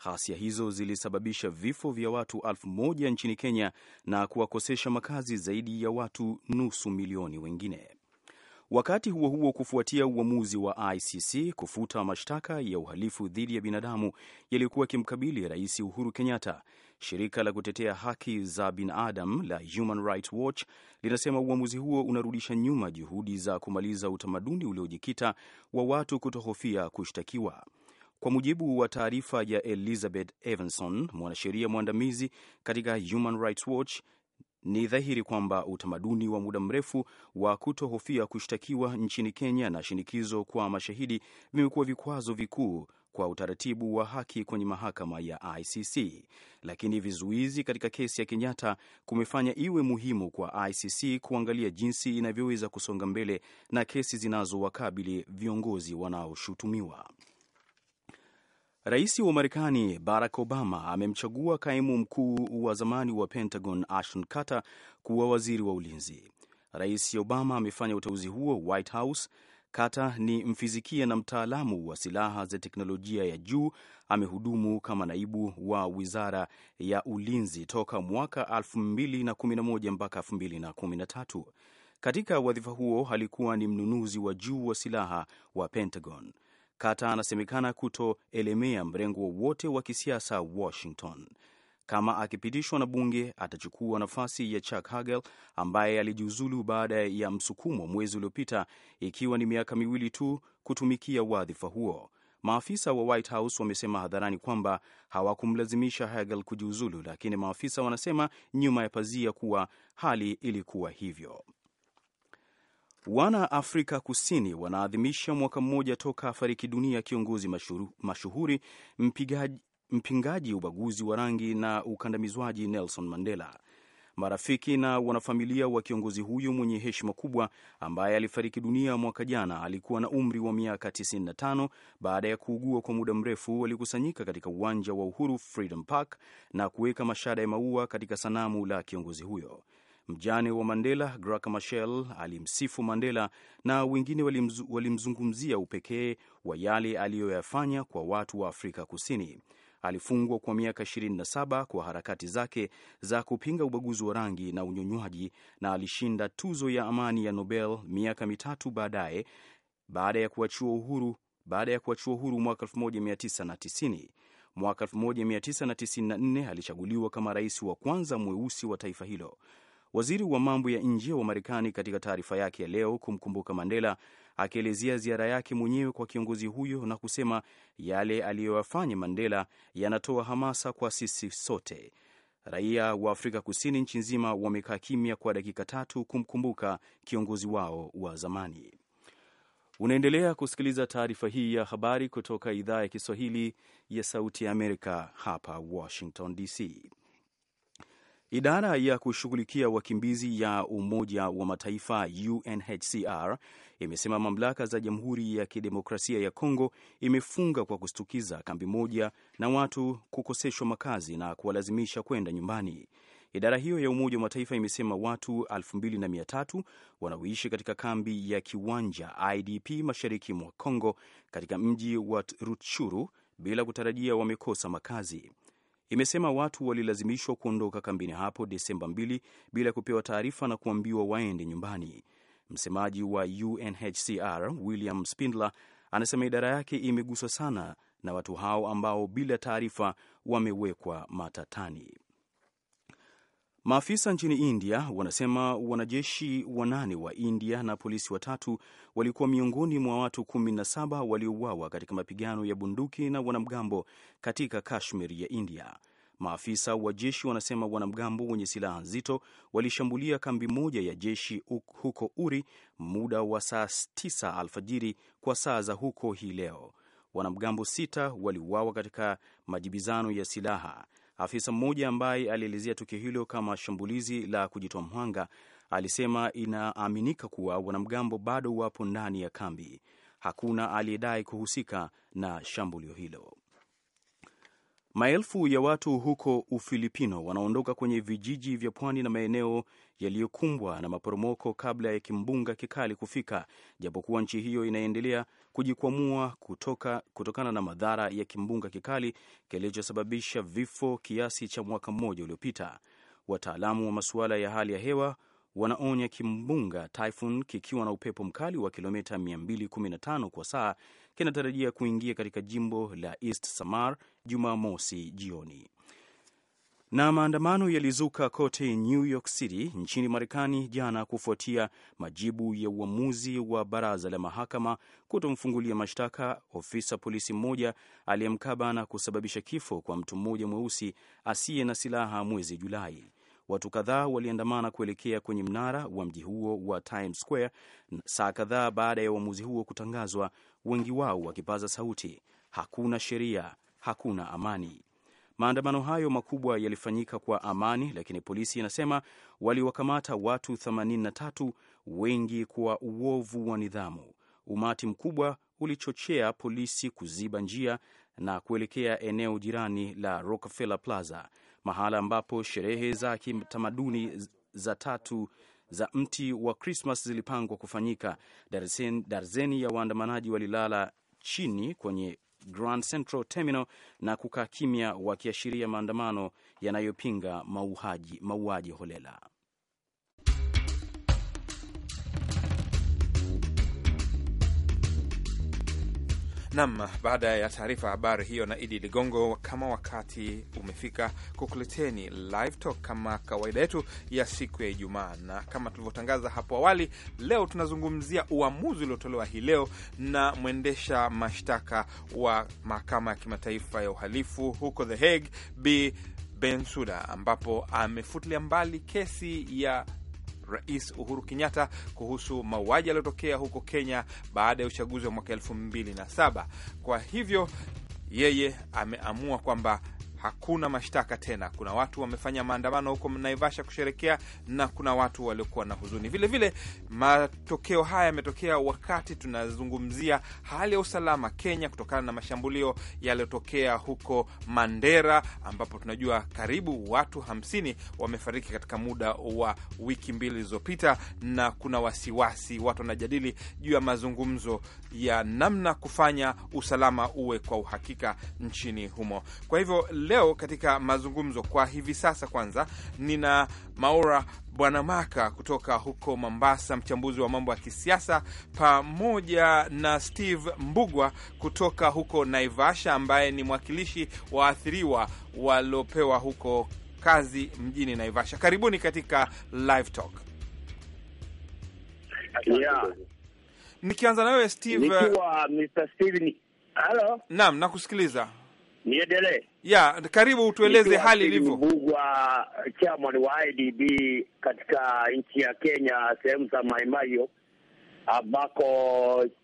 Ghasia hizo zilisababisha vifo vya watu elfu moja nchini Kenya na kuwakosesha makazi zaidi ya watu nusu milioni wengine. Wakati huo huo, kufuatia uamuzi wa ICC kufuta mashtaka ya uhalifu dhidi ya binadamu yaliyokuwa yakimkabili Rais Uhuru Kenyatta, shirika la kutetea haki za binadamu la Human Rights Watch linasema uamuzi huo unarudisha nyuma juhudi za kumaliza utamaduni uliojikita wa watu kutohofia kushtakiwa. Kwa mujibu wa taarifa ya Elizabeth Evanson, mwanasheria mwandamizi katika Human Rights Watch, ni dhahiri kwamba utamaduni wa muda mrefu wa kutohofia kushtakiwa nchini Kenya na shinikizo kwa mashahidi vimekuwa vikwazo vikuu kwa utaratibu wa haki kwenye mahakama ya ICC, lakini vizuizi katika kesi ya Kenyatta kumefanya iwe muhimu kwa ICC kuangalia jinsi inavyoweza kusonga mbele na kesi zinazowakabili viongozi wanaoshutumiwa. Rais wa Marekani Barack Obama amemchagua kaimu mkuu wa zamani wa Pentagon Ashton Carter kuwa waziri wa ulinzi. Rais Obama amefanya uteuzi huo White House. Carter ni mfizikia na mtaalamu wa silaha za teknolojia ya juu. Amehudumu kama naibu wa wizara ya ulinzi toka mwaka 2011 mpaka 2013. Katika wadhifa huo alikuwa ni mnunuzi wa juu wa silaha wa Pentagon kata anasemekana kutoelemea mrengo wowote wa kisiasa Washington. Kama akipitishwa na bunge, atachukua nafasi ya Chuck Hagel ambaye alijiuzulu baada ya msukumo mwezi uliopita, ikiwa ni miaka miwili tu kutumikia wadhifa huo. Maafisa wa White House wamesema hadharani kwamba hawakumlazimisha Hagel kujiuzulu, lakini maafisa wanasema nyuma ya pazia kuwa hali ilikuwa hivyo. Wana Afrika Kusini wanaadhimisha mwaka mmoja toka afariki dunia kiongozi mashuhuri mpigaji, mpingaji ubaguzi wa rangi na ukandamizwaji Nelson Mandela. Marafiki na wanafamilia wa kiongozi huyo mwenye heshima kubwa ambaye alifariki dunia mwaka jana alikuwa na umri wa miaka 95 baada ya kuugua kwa muda mrefu, walikusanyika katika uwanja wa Uhuru Freedom Park na kuweka mashada ya maua katika sanamu la kiongozi huyo. Mjane wa Mandela, Graca Machel, alimsifu Mandela na wengine walimzu, walimzungumzia upekee wa yale aliyoyafanya kwa watu wa Afrika Kusini. Alifungwa kwa miaka 27 kwa harakati zake za kupinga ubaguzi wa rangi na unyonywaji na alishinda tuzo ya amani ya Nobel miaka mitatu baadaye baada ya kuachiwa uhuru baada ya kuachiwa uhuru mwaka 1990. Mwaka 1994 alichaguliwa kama rais wa kwanza mweusi wa taifa hilo. Waziri wa mambo ya nje wa Marekani katika taarifa yake ya leo kumkumbuka Mandela, akielezea ziara yake mwenyewe kwa kiongozi huyo na kusema yale aliyoyafanya Mandela yanatoa hamasa kwa sisi sote. Raia wa Afrika Kusini nchi nzima wamekaa kimya kwa dakika tatu kumkumbuka kiongozi wao wa zamani. Unaendelea kusikiliza taarifa hii ya habari kutoka idhaa ya Kiswahili ya Sauti ya Amerika, hapa Washington DC. Idara ya kushughulikia wakimbizi ya Umoja wa Mataifa UNHCR imesema mamlaka za Jamhuri ya Kidemokrasia ya Kongo imefunga kwa kustukiza kambi moja na watu kukoseshwa makazi na kuwalazimisha kwenda nyumbani. Idara hiyo ya Umoja wa Mataifa imesema watu 2300 wanaoishi katika kambi ya Kiwanja IDP mashariki mwa Kongo katika mji wa Rutshuru bila kutarajia wamekosa makazi imesema watu walilazimishwa kuondoka kambini hapo Desemba 2 bila kupewa taarifa na kuambiwa waende nyumbani. Msemaji wa UNHCR William Spindler anasema idara yake imeguswa sana na watu hao ambao bila taarifa wamewekwa matatani. Maafisa nchini India wanasema wanajeshi wanane wa India na polisi watatu walikuwa miongoni mwa watu 17 waliouawa katika mapigano ya bunduki na wanamgambo katika Kashmir ya India. Maafisa wa jeshi wanasema wanamgambo wenye silaha nzito walishambulia kambi moja ya jeshi huko Uri muda wa saa 9 alfajiri kwa saa za huko hii leo. Wanamgambo sita waliuawa katika majibizano ya silaha Afisa mmoja ambaye alielezea tukio hilo kama shambulizi la kujitoa mhanga alisema inaaminika kuwa wanamgambo bado wapo ndani ya kambi. Hakuna aliyedai kuhusika na shambulio hilo. Maelfu ya watu huko Ufilipino wanaondoka kwenye vijiji vya pwani na maeneo yaliyokumbwa na maporomoko kabla ya kimbunga kikali kufika, japokuwa nchi hiyo inaendelea kujikwamua kutoka, kutokana na madhara ya kimbunga kikali kilichosababisha vifo kiasi cha mwaka mmoja uliopita. Wataalamu wa masuala ya hali ya hewa wanaonya kimbunga Typhoon kikiwa na upepo mkali wa kilomita 215 kwa saa kinatarajia kuingia katika jimbo la East Samar Jumamosi jioni. Na maandamano yalizuka kote New York City nchini Marekani jana kufuatia majibu ya uamuzi wa baraza la mahakama kutomfungulia mashtaka ofisa polisi mmoja aliyemkaba na kusababisha kifo kwa mtu mmoja mweusi asiye na silaha mwezi Julai. Watu kadhaa waliandamana kuelekea kwenye mnara wa mji huo wa Times Square saa kadhaa baada ya uamuzi huo kutangazwa, wengi wao wakipaza sauti, hakuna sheria, hakuna amani. Maandamano hayo makubwa yalifanyika kwa amani, lakini polisi inasema waliwakamata watu 83, wengi kwa uovu wa nidhamu. Umati mkubwa ulichochea polisi kuziba njia na kuelekea eneo jirani la Rockefeller Plaza, mahala ambapo sherehe za kitamaduni za tatu za mti wa Krismas zilipangwa kufanyika. Darzeni ya waandamanaji walilala chini kwenye Grand Central Terminal na kukaa kimya, wakiashiria maandamano yanayopinga mauaji holela. Nam, baada ya taarifa ya habari hiyo na Idi Ligongo, kama wakati umefika kukuleteni Live Talk kama kawaida yetu ya siku ya Ijumaa, na kama tulivyotangaza hapo awali, leo tunazungumzia uamuzi uliotolewa hii leo na mwendesha mashtaka wa mahakama ya kimataifa ya uhalifu huko The Hague, Bi Bensuda, ambapo amefutilia mbali kesi ya Rais Uhuru Kenyatta kuhusu mauaji yaliyotokea huko Kenya baada ya uchaguzi wa mwaka elfu mbili na saba. Kwa hivyo yeye ameamua kwamba hakuna mashtaka tena. Kuna watu wamefanya maandamano huko Naivasha kusherekea na kuna watu waliokuwa na huzuni vilevile. Matokeo haya yametokea wakati tunazungumzia hali ya usalama Kenya kutokana na mashambulio yaliyotokea huko Mandera, ambapo tunajua karibu watu hamsini wamefariki katika muda wa wiki mbili zilizopita, na kuna wasiwasi, watu wanajadili juu ya mazungumzo ya namna kufanya usalama uwe kwa uhakika nchini humo. Kwa hivyo leo katika mazungumzo kwa hivi sasa, kwanza nina Maura Bwanamaka kutoka huko Mombasa, mchambuzi wa mambo ya kisiasa, pamoja na Steve Mbugwa kutoka huko Naivasha, ambaye ni mwakilishi waathiriwa waliopewa huko kazi mjini Naivasha. Karibuni katika Live Talk. Yeah. Nikianza nawe Steve. Nikiwa Mr. Naam, nakusikiliza. Niendelee ya karibu utueleze hali ilivyo. Mbugwa, chairman wa IDB katika nchi ya Kenya, sehemu za Maimayo ambako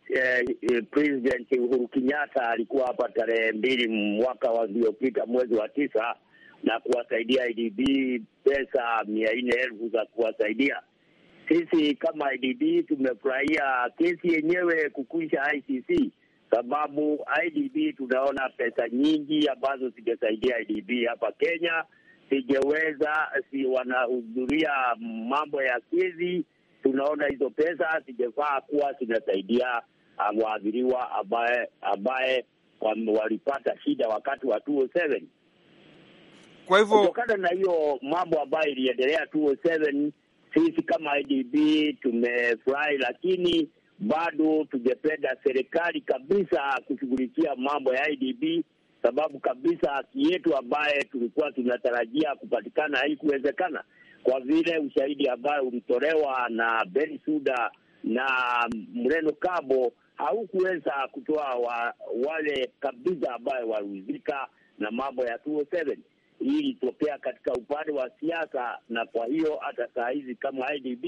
eh, President Uhuru Kenyatta alikuwa hapa tarehe mbili mwaka uliopita mwezi wa tisa na kuwasaidia IDB pesa mia nne elfu za kuwasaidia sisi kama IDB tumefurahia kesi yenyewe kukwisha ICC sababu IDB tunaona pesa nyingi ambazo zingesaidia IDB hapa Kenya sijeweza si wanahudhuria mambo ya kesi. Tunaona hizo pesa zingefaa kuwa zinasaidia ah, waadhiriwa ambaye ambaye walipata shida wakati wa 2007. Kwa hivyo kutokana na hiyo mambo ambayo iliendelea 2007, sisi kama IDB tumefurahi, lakini bado tungependa serikali kabisa kushughulikia mambo ya IDB, sababu kabisa haki yetu ambaye tulikuwa tunatarajia kupatikana haikuwezekana kwa vile ushahidi ambayo ulitolewa na Ben Suda na Mreno Kabo haukuweza kutoa wa, wale kabisa ambayo walihuzika na mambo ya 2007. Hii ilitokea katika upande wa siasa, na kwa hiyo hata saa hizi kama IDB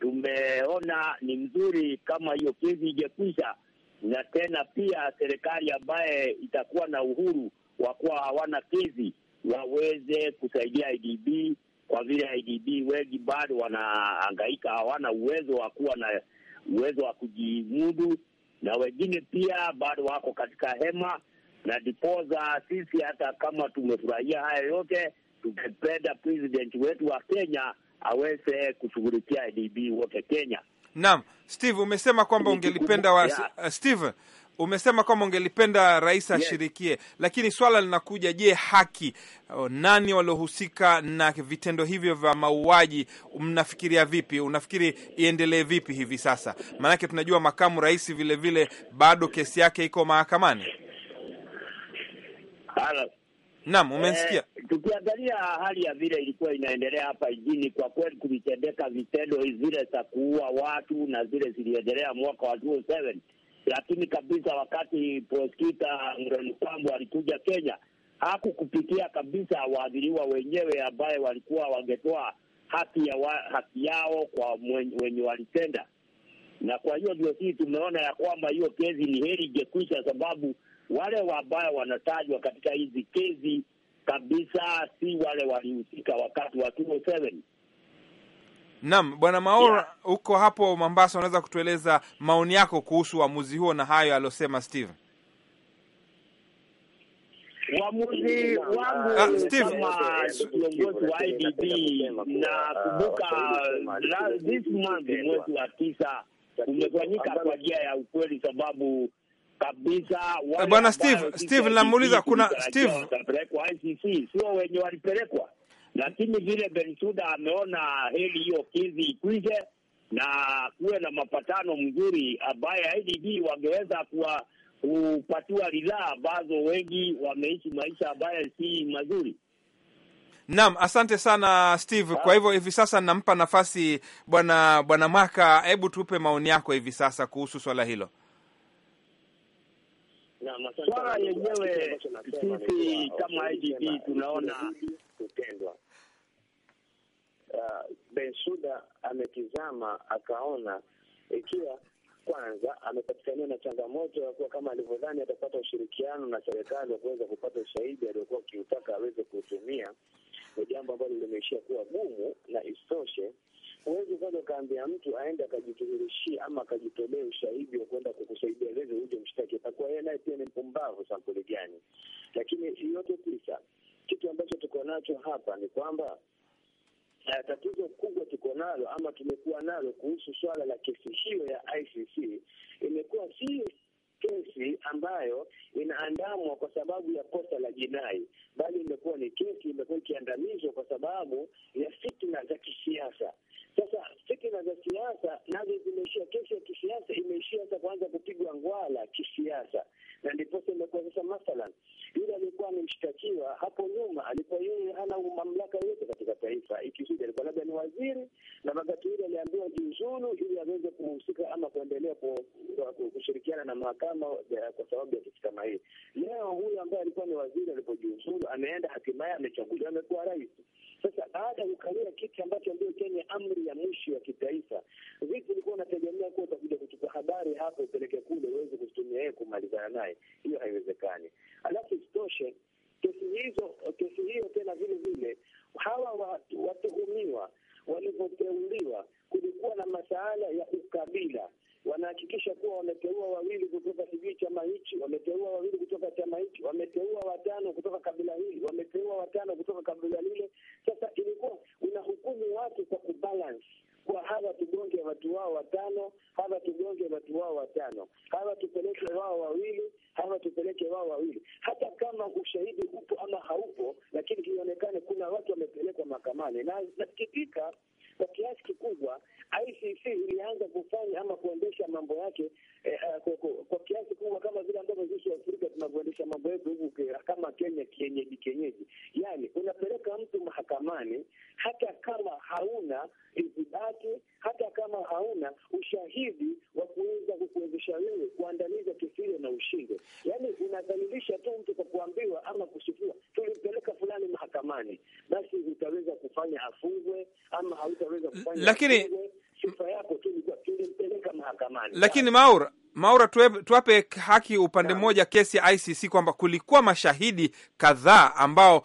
tumeona ni mzuri kama hiyo kesi ijekwisha, na tena pia serikali ambaye itakuwa na uhuru wa kuwa hawana kesi waweze kusaidia IDB kwa vile IDB wengi bado wanaangaika hawana uwezo wa kuwa na uwezo wa kujimudu, na wengine pia bado wako katika hema. Na dipoza sisi, hata kama tumefurahia haya yote, tungependa president wetu wa Kenya aweze kushughulikia ADB wote Kenya. Naam, Steve umesema kwamba ungelipenda wa... yeah. Uh, Steve umesema kwamba ungelipenda rais ashirikie, yes. Lakini swala linakuja, je, haki uh, nani waliohusika na vitendo hivyo vya mauaji mnafikiria vipi? Unafikiri iendelee vipi hivi sasa? Maanake tunajua makamu rais vilevile bado kesi yake iko mahakamani. Naam, umesikia. Eh, tukiangalia hali ya vile ilikuwa inaendelea hapa jijini, kwa kweli kulitendeka vitendo zile za kuua watu na zile ziliendelea mwaka wa 2007 lakini kabisa wakati prosecutor Muren Kwambo alikuja Kenya hakukupitia kabisa waadhiriwa wenyewe ambaye walikuwa wangetoa haki ya wa, haki yao kwa wenye walitenda, na kwa hiyo ndio sisi tumeona ya kwamba hiyo kesi ni heri ingekwisha, sababu wale wabaya wanatajwa katika hizi kesi kabisa si wale walihusika wakati wa 2007. Naam, Bwana Maora, huko Uko hapo Mombasa, unaweza kutueleza maoni yako kuhusu uamuzi huo na hayo aliosema Steve? Uamuzi wangu ah, kama kiongozi wa IDB na kumbuka, this month mwezi wa tisa umefanyika kwa njia ya ukweli, sababu kabisa. Eh, bwana Steve, Steve namuuliza, kuna Steve watapelekwa ICC, sio wenye walipelekwa, lakini vile Bensuda ameona heli hiyo kizi ikwize na kuwe na mapatano mzuri ambaye IDD wangeweza kuwa kupatiwa ridhaa ambazo wengi wameishi maisha ambayo si mazuri. Naam, asante sana Steve. Kwa hivyo hivi sasa nampa nafasi bwana bwana mwaka hebu tupe maoni yako hivi sasa kuhusu swala hilo. Swala yenyewe sisi kama IGP tunaona kutendwa. Uh, Bensuda ametizama akaona ikiwa kwanza amepatikania na changamoto ya kuwa kama alivyodhani atapata ushirikiano na serikali wa kuweza kupata ushahidi aliokuwa akiutaka aweze kuutumia ni jambo ambalo limeishia kuwa gumu, na isitoshe huwezi kwanza ukaambia mtu aende akajidhihirishia ama akajitolea ushahidi wa kwenda kukusaidia leze uje mshtaki, atakuwa yeye naye pia ni mpumbavu sampuli gani? Lakini yote tisa, kitu ambacho tuko nacho hapa ni kwamba uh, tatizo kubwa tuko nalo ama tumekuwa nalo kuhusu swala la kesi hiyo ya ICC imekuwa si kesi ambayo inaandamwa kwa sababu ya kosa la jinai, bali imekuwa ni kesi imekuwa ikiandamizwa kwa sababu ya fitna lakini lakini Maur Maura, tuwape haki upande mmoja kesi ya ICC kwamba kulikuwa mashahidi kadhaa ambao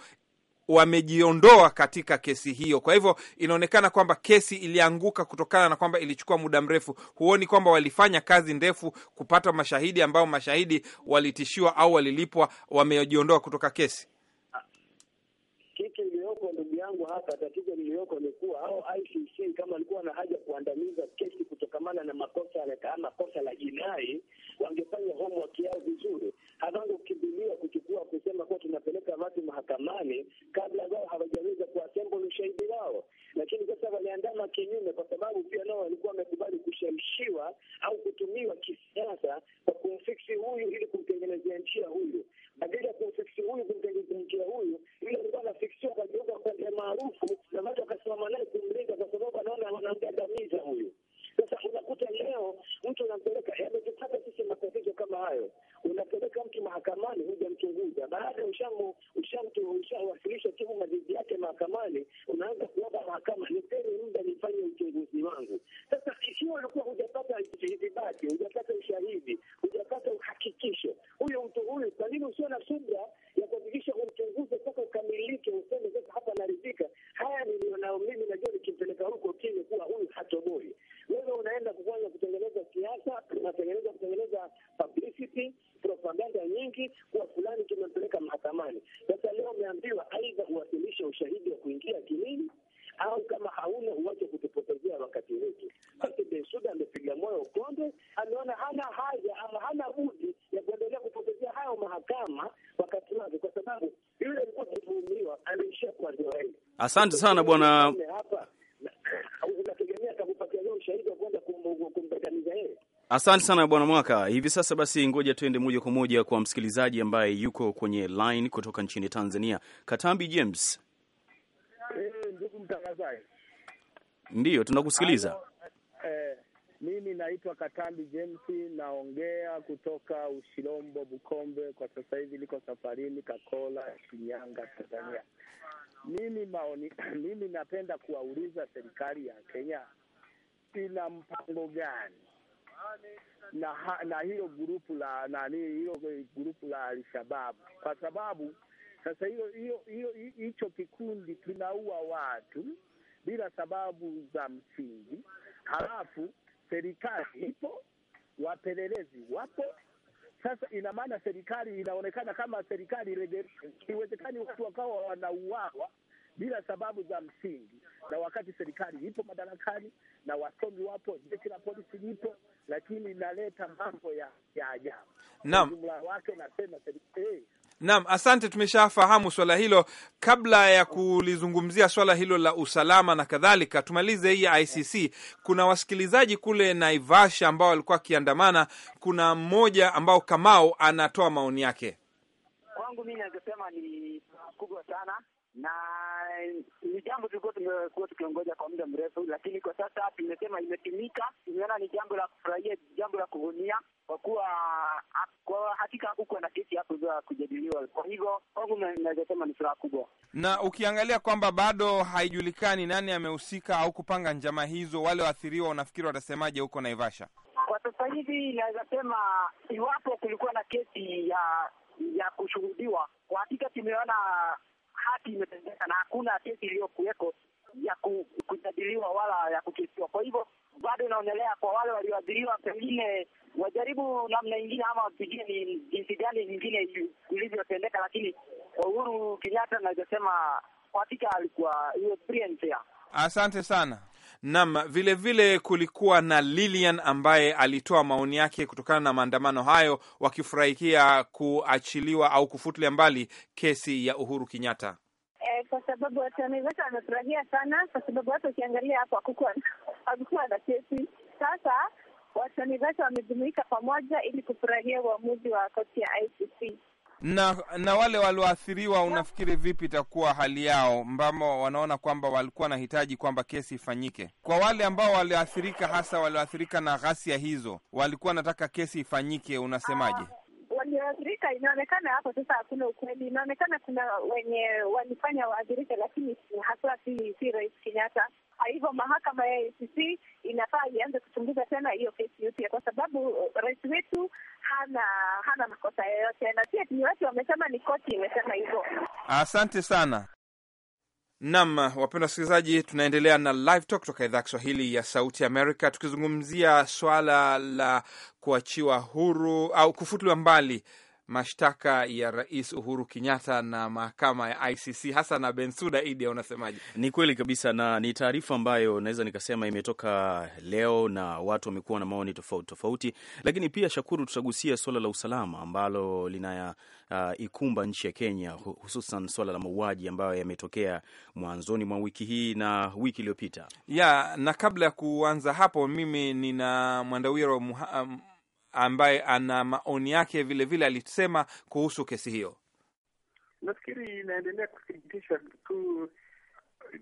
wamejiondoa katika kesi hiyo. Kwa hivyo inaonekana kwamba kesi ilianguka kutokana na kwamba ilichukua muda mrefu. Huoni kwamba walifanya kazi ndefu kupata mashahidi ambao mashahidi walitishiwa au walilipwa, wamejiondoa kutoka kesi? yangu hapa tatizo liliyoko ni kuwa au ICC kama walikuwa na haja kuandamiza kesi kutokamana na makosa kama kosa la jinai, wangefanya homework yao vizuri, hawangekimbilia kuchukua kusema kuwa tunapeleka watu mahakamani kabla wao hawajaweza kuassemble ushahidi wao. Lakini sasa waliandama kinyume, kwa sababu pia nao walikuwa wamekubali kushawishiwa au kutumiwa kisiasa kwa kumfiksi huyu ili kumtengenezea njia huyu, badala ya kumfiksi huyu kumtengenezea njia huyu, ile alikuwa anafiksiwa kwa maarufu na watu wakasimama naye kumlinda, kwa sababu anaona wanamgandamiza huyu. Sasa unakuta leo mtu unampeleka, yametupata eh, sisi matatizo kama hayo. Unapeleka mtu mahakamani, hujamchunguza. Baada ya ushamtu ushawasilisha tuhuma mazizi yake mahakamani, unaanza kuomba mahakama, nipeni muda nifanye uchunguzi wangu. Sasa ikiwa ulikuwa hujapata ithibati, hujapata ushahidi, hujapata uhakikisho, huyo mtu huyu, kwa nini usio na subra ya kuhakikisha umchunguze mpaka ukamilike, useme hiki kuwa fulani kimepeleka mahakamani. Sasa leo umeambiwa aidha uwasilishe ushahidi wa kuingia kinini au kama hauna uwache kutupotezea wakati wetu. Basi Bensouda amepiga moyo ukombe, ameona hana haja ama hana budi ya kuendelea kupotezea hayo mahakama wakati wake, kwa sababu yule alikuwa akituhumiwa ameishia kuwaziwaili. Asante sana bwana Asante sana bwana Mwaka. Hivi sasa basi, ngoja tuende moja kwa moja kwa msikilizaji ambaye yuko kwenye line kutoka nchini Tanzania, Katambi James. E, ndugu mtangazaji, ndiyo tunakusikiliza. Eh, mimi naitwa Katambi James, naongea kutoka Ushilombo Bukombe, kwa sasa hivi liko safarini Kakola, Shinyanga, Tanzania. Mimi maoni, mimi napenda kuwauliza serikali ya Kenya ina mpango gani na, ha, na hiyo grupu la nani hiyo grupu la Alshababu kwa sababu sasa hiyo hiyo hiyo hicho kikundi kinaua watu bila sababu za msingi, halafu serikali ipo, wapelelezi wapo. Sasa ina maana serikali inaonekana kama serikali, iwezekani watu wakawa wanauawa bila sababu za msingi, na wakati serikali ipo madarakani na wasomi wapo, jeshi la polisi lipo, lakini inaleta mambo ya ya ajabu. Naam, jumla wake nasema serikali eh. Naam, asante. Tumeshafahamu swala hilo. Kabla ya kulizungumzia swala hilo la usalama na kadhalika, tumalize hii ICC. Kuna wasikilizaji kule Naivasha ambao walikuwa wakiandamana. Kuna mmoja ambao Kamau anatoa maoni yake. Kwangu mimi ningesema ni kubwa sana na ni jambo tulikuwa tumekuwa tukiongoja kwa muda mrefu, lakini kwa sasa tumesema imetimika. Tumeona ni jambo la kufurahia, jambo la kuvunia, kwa kuwa kwa hakika hakukuwa na kesi hapo za kujadiliwa. Kwa hivyo kwangu naweza sema ni furaha kubwa, na ukiangalia kwamba bado haijulikani nani amehusika au kupanga njama hizo, wale waathiriwa unafikiri watasemaje huko Naivasha? Kwa sasa hivi naweza sema iwapo kulikuwa na kesi ya ya kushuhudiwa, kwa hakika tumeona haki imetendeka na hakuna kesi iliyokuweko ya kujadiliwa wala ya kukesiwa. Kwa hivyo bado inaonelea kwa wale walioadhiriwa, pengine wajaribu namna ingine ama wapigie ni jinsi gani nyingine ilivyotendeka, lakini Uhuru Kenyatta naweza sema kwa hakika alikuwa hiyo experience Asante sana nam vilevile kulikuwa na Lilian ambaye alitoa maoni yake kutokana na maandamano hayo, wakifurahikia kuachiliwa au kufutulia mbali kesi ya Uhuru Kenyatta. E, kwa sababu watani wetu wamefurahia sana, kwa sababu watu ukiangalia hapo hakukuwa na kesi. Sasa watani wetu wamejumuika pamoja ili kufurahia uamuzi wa koti ya ICC na na wale walioathiriwa, unafikiri vipi itakuwa hali yao, ambamo wanaona kwamba walikuwa wanahitaji kwamba kesi ifanyike? Kwa wale ambao walioathirika, hasa walioathirika na ghasia hizo, walikuwa wanataka kesi ifanyike, unasemaje? Ah, walioathirika inaonekana hapo sasa hakuna ukweli. Inaonekana kuna wenye walifanya waathirika, lakini haswa si, si Rais Kenyatta. Hivyo mahakama ya ICC inafaa ianze kuchunguza tena hiyo kesi yote, kwa sababu rais wetu hana hana makosa yoyote, na pia ni watu wamesema, ni koti imesema hivyo. Asante sana. Nam, wapenda wasikilizaji, tunaendelea na Live Talk kutoka idhaa ya Kiswahili ya Sauti Amerika, tukizungumzia swala la kuachiwa huru au kufutuliwa mbali mashtaka ya Rais Uhuru Kenyatta na mahakama ya ICC hasa na Bensuda Idi, unasemaje? Ni kweli kabisa, na ni taarifa ambayo naweza nikasema imetoka leo na watu wamekuwa na maoni tofauti tofauti, lakini pia Shakuru, tutagusia suala la usalama ambalo linaya uh, ikumba nchi ya Kenya, hususan suala la mauaji ambayo yametokea mwanzoni mwa wiki hii na wiki iliyopita ya yeah. Na kabla ya kuanza hapo, mimi nina Mwandawiro ambaye ana maoni yake vilevile alisema kuhusu kesi hiyo. Nafikiri inaendelea kuthibitisha tu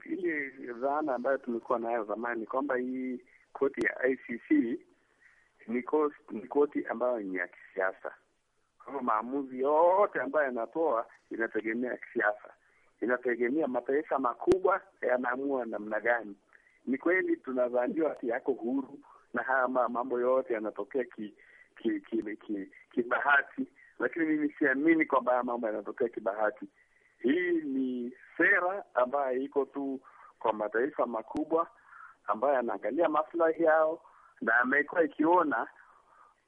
ile dhana ambayo tumekuwa nayo zamani kwamba hii koti ya ICC ni koti ambayo ni ya kisiasa. Kama maamuzi yote ambayo yanatoa inategemea kisiasa, inategemea mataifa makubwa yanaamua namna gani. Ni kweli tunadhaniwa ati yako huru na haya mambo yote yanatokea ki, kibahati, lakini mimi siamini kwamba mambo yanatokea kibahati. Hii ni sera ambayo iko tu kwa mataifa makubwa ambayo yanaangalia maslahi yao na amekuwa ikiona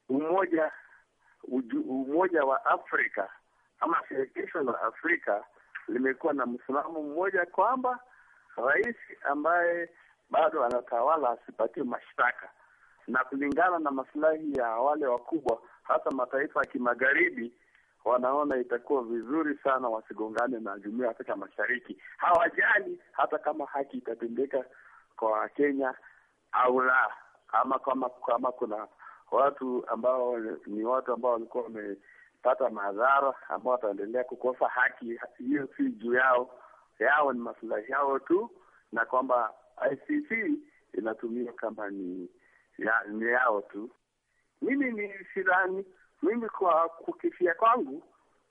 umoja uju, Umoja wa Afrika ama shirikisho la Afrika limekuwa na msimamo mmoja kwamba rais ambaye bado anatawala asipatiwe mashtaka na kulingana na maslahi ya wale wakubwa, hasa mataifa ya kimagharibi, wanaona itakuwa vizuri sana wasigongane na jumuiya ya Afrika Mashariki. Hawajali hata kama haki itatendeka kwa Wakenya au la, ama kama kama kuna watu ambao ni watu ambao walikuwa wamepata madhara ambao wataendelea kukosa haki, hiyo si juu yao, yao ni masilahi yao tu, na kwamba ICC inatumia kama ni ya, ni yao tu. Mimi ni sidhani, mimi kwa kukifia kwangu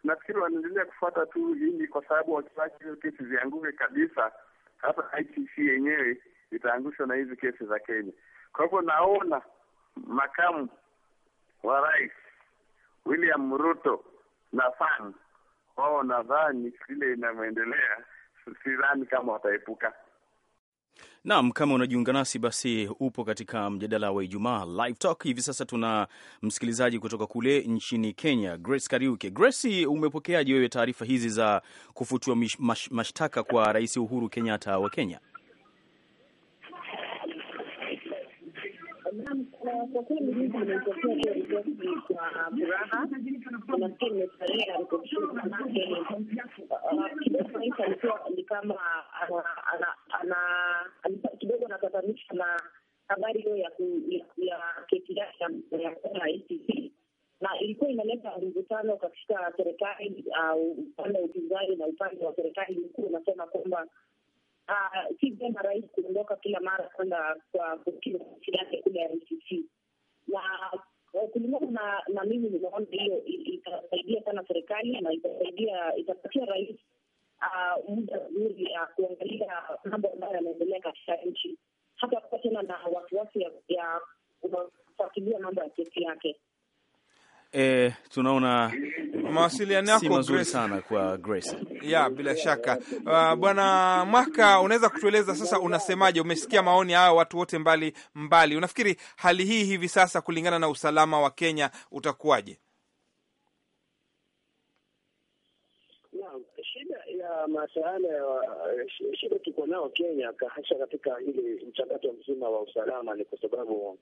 nafikiri wanaendelea kufuata tu hili, kwa sababu wakiwacha hizo kesi zianguke kabisa, hata ICC yenyewe itaangushwa na hizi kesi za Kenya. Kwa hivyo naona makamu wa rais William Ruto na fan wao, nadhani vile inavyoendelea, sidhani kama wataepuka Naam, kama unajiunga nasi basi upo katika mjadala wa Ijumaa Live Talk. Hivi sasa tuna msikilizaji kutoka kule nchini Kenya, Grace Kariuke. Grace, umepokeaje wewe taarifa hizi za kufutua mashtaka kwa Rais Uhuru Kenyatta wa Kenya? kwa kweli hizi imetokea kwa uh, furaha. Nafikiri imefurahia ripoti manake na habari hiyo ya kesi ya na ilikuwa inaleta mvutano katika serikali, uh, upande wa upinzani na upande wa serikali. mkuu unasema kwamba Ah, si vyema rais kuondoka kila mara kwenda kwa kukidhi yake kule RCC na eh, kulingana na na mimi nimeona hiyo itasaidia sana serikali na itasaidia itapatia rais ah, muda mzuri ya kuangalia mambo ambayo yanaendelea katika nchi, hata kuwa tena na wasiwasi ya kufuatilia mambo ya kesi yake. Eh, tunaona mawasiliano yako si mazuri sana kwa Grace. Ya, bila shaka uh, bwana Mwaka, unaweza kutueleza sasa, unasemaje? Umesikia maoni hayo watu wote mbali mbali, unafikiri hali hii hivi sasa kulingana na usalama wa Kenya utakuwaje? Masuala ya shida tuko nao Kenya, hasa katika ile mchakato mzima wa usalama, ni kwa sababu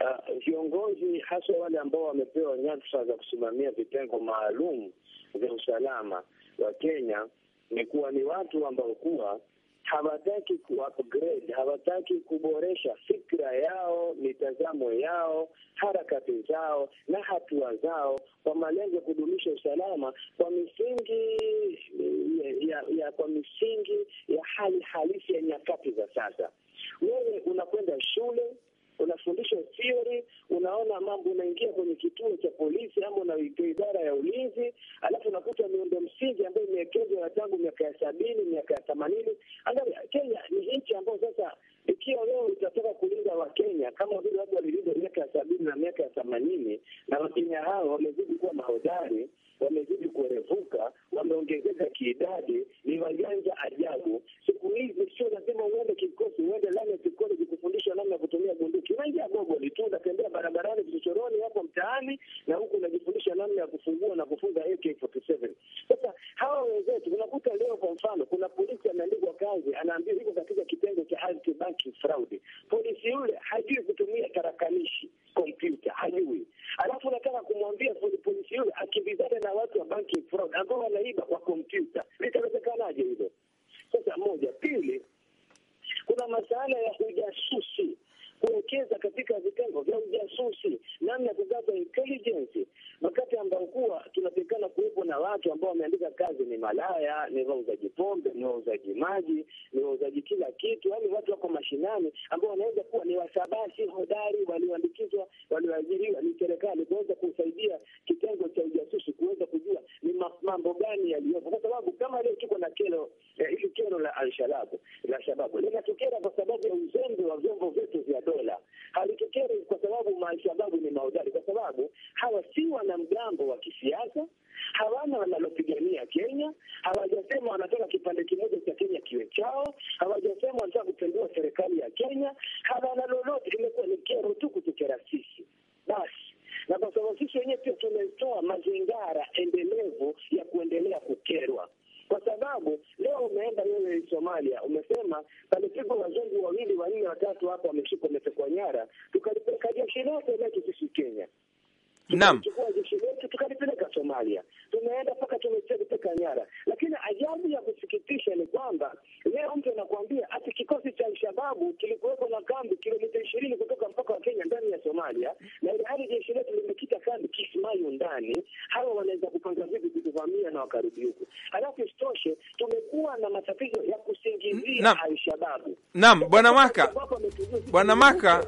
Ah, viongozi uh, hasa wale ambao wamepewa nyadhifa za kusimamia vitengo maalum vya usalama wa Kenya ni kuwa ni watu ambao kuwa hawataki kuupgrade, hawataki kuboresha fikra yao, mitazamo yao, harakati zao na hatua zao kwa malengo ya kudumisha usalama kwa misingi ya, ya kwa misingi ya hali halisi ya nyakati za sasa. Wewe unakwenda shule unafundishwa theory, unaona mambo, unaingia kwenye kituo cha polisi ama una idara ya ulinzi, alafu unakuta miundo msingi ambayo imewekezwa tangu miaka ya sabini, miaka ya themanini. Angalia Kenya ni nchi ambayo sasa ikiwa leo itatoka kulinda Wakenya kama vile watu walilinda miaka ya sabini na miaka ya themanini, na Wakenya hao wamezidi kuwa mahodari wamezidi kuerevuka, wameongezeka kiidadi, ni wajanja ajabu. Siku hizi sio lazima uende kikosi, uende ya kikosi kikufundisha namna ya kutumia bunduki. Unaingia gogoli tu, unatembea barabarani, vichochoroni, hapo mtaani, na huku unajifundisha namna ya kufungua na kufunga AK47. Sasa hawa wenzetu unakuta leo, kwa mfano, kuna polisi ameandikwa kazi, anaambiwa iko katika kitengo cha anti banking fraud. Polisi yule hajui kutumia tarakanishi, kompyuta hajui, alafu unataka kumwambia polisi yule akimbizane na watu wa banking fraud ambao wanaiba kwa kompyuta. Litawezekanaje hilo? Sasa moja. Pili, kuna masala ya ujasusi kuwekeza katika vitengo vya ujasusi, namna ya kugaza intelligence, wakati ambao kuwa tunatekana kuwepo na watu ambao wameandika kazi ni malaya, ni wauzaji pombe, ni wauzaji maji, ni wauzaji kila kitu, yaani watu wako mashinani ambao wanaweza kuwa ni wasabasi hodari walioandikizwa, walioajiriwa ni serikali kuweza kusaidia kitengo cha ujasusi kuweza kujua ni mambo gani yaliyopo, kwa sababu kama leo tuko na kero eh, hili, eh, kero la Alshababu la shababu linatokea kwa sababu ya uzembe wa vyombo vyetu mahodari, kwa sababu hawa si wanamgambo wa kisiasa, Naam, bwana Maka, bwana Maka,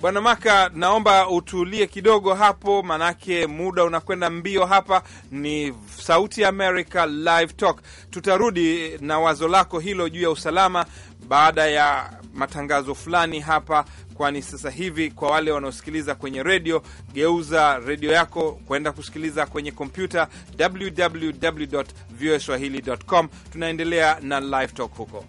bwana Maka, naomba utulie kidogo hapo, manake muda unakwenda mbio hapa. Ni Sauti America Live Talk. Tutarudi na wazo lako hilo juu ya usalama baada ya matangazo fulani hapa, kwani sasa hivi kwa wale wanaosikiliza kwenye redio geuza redio yako kwenda kusikiliza kwenye kompyuta www swahilicom Tunaendelea na live talk huko.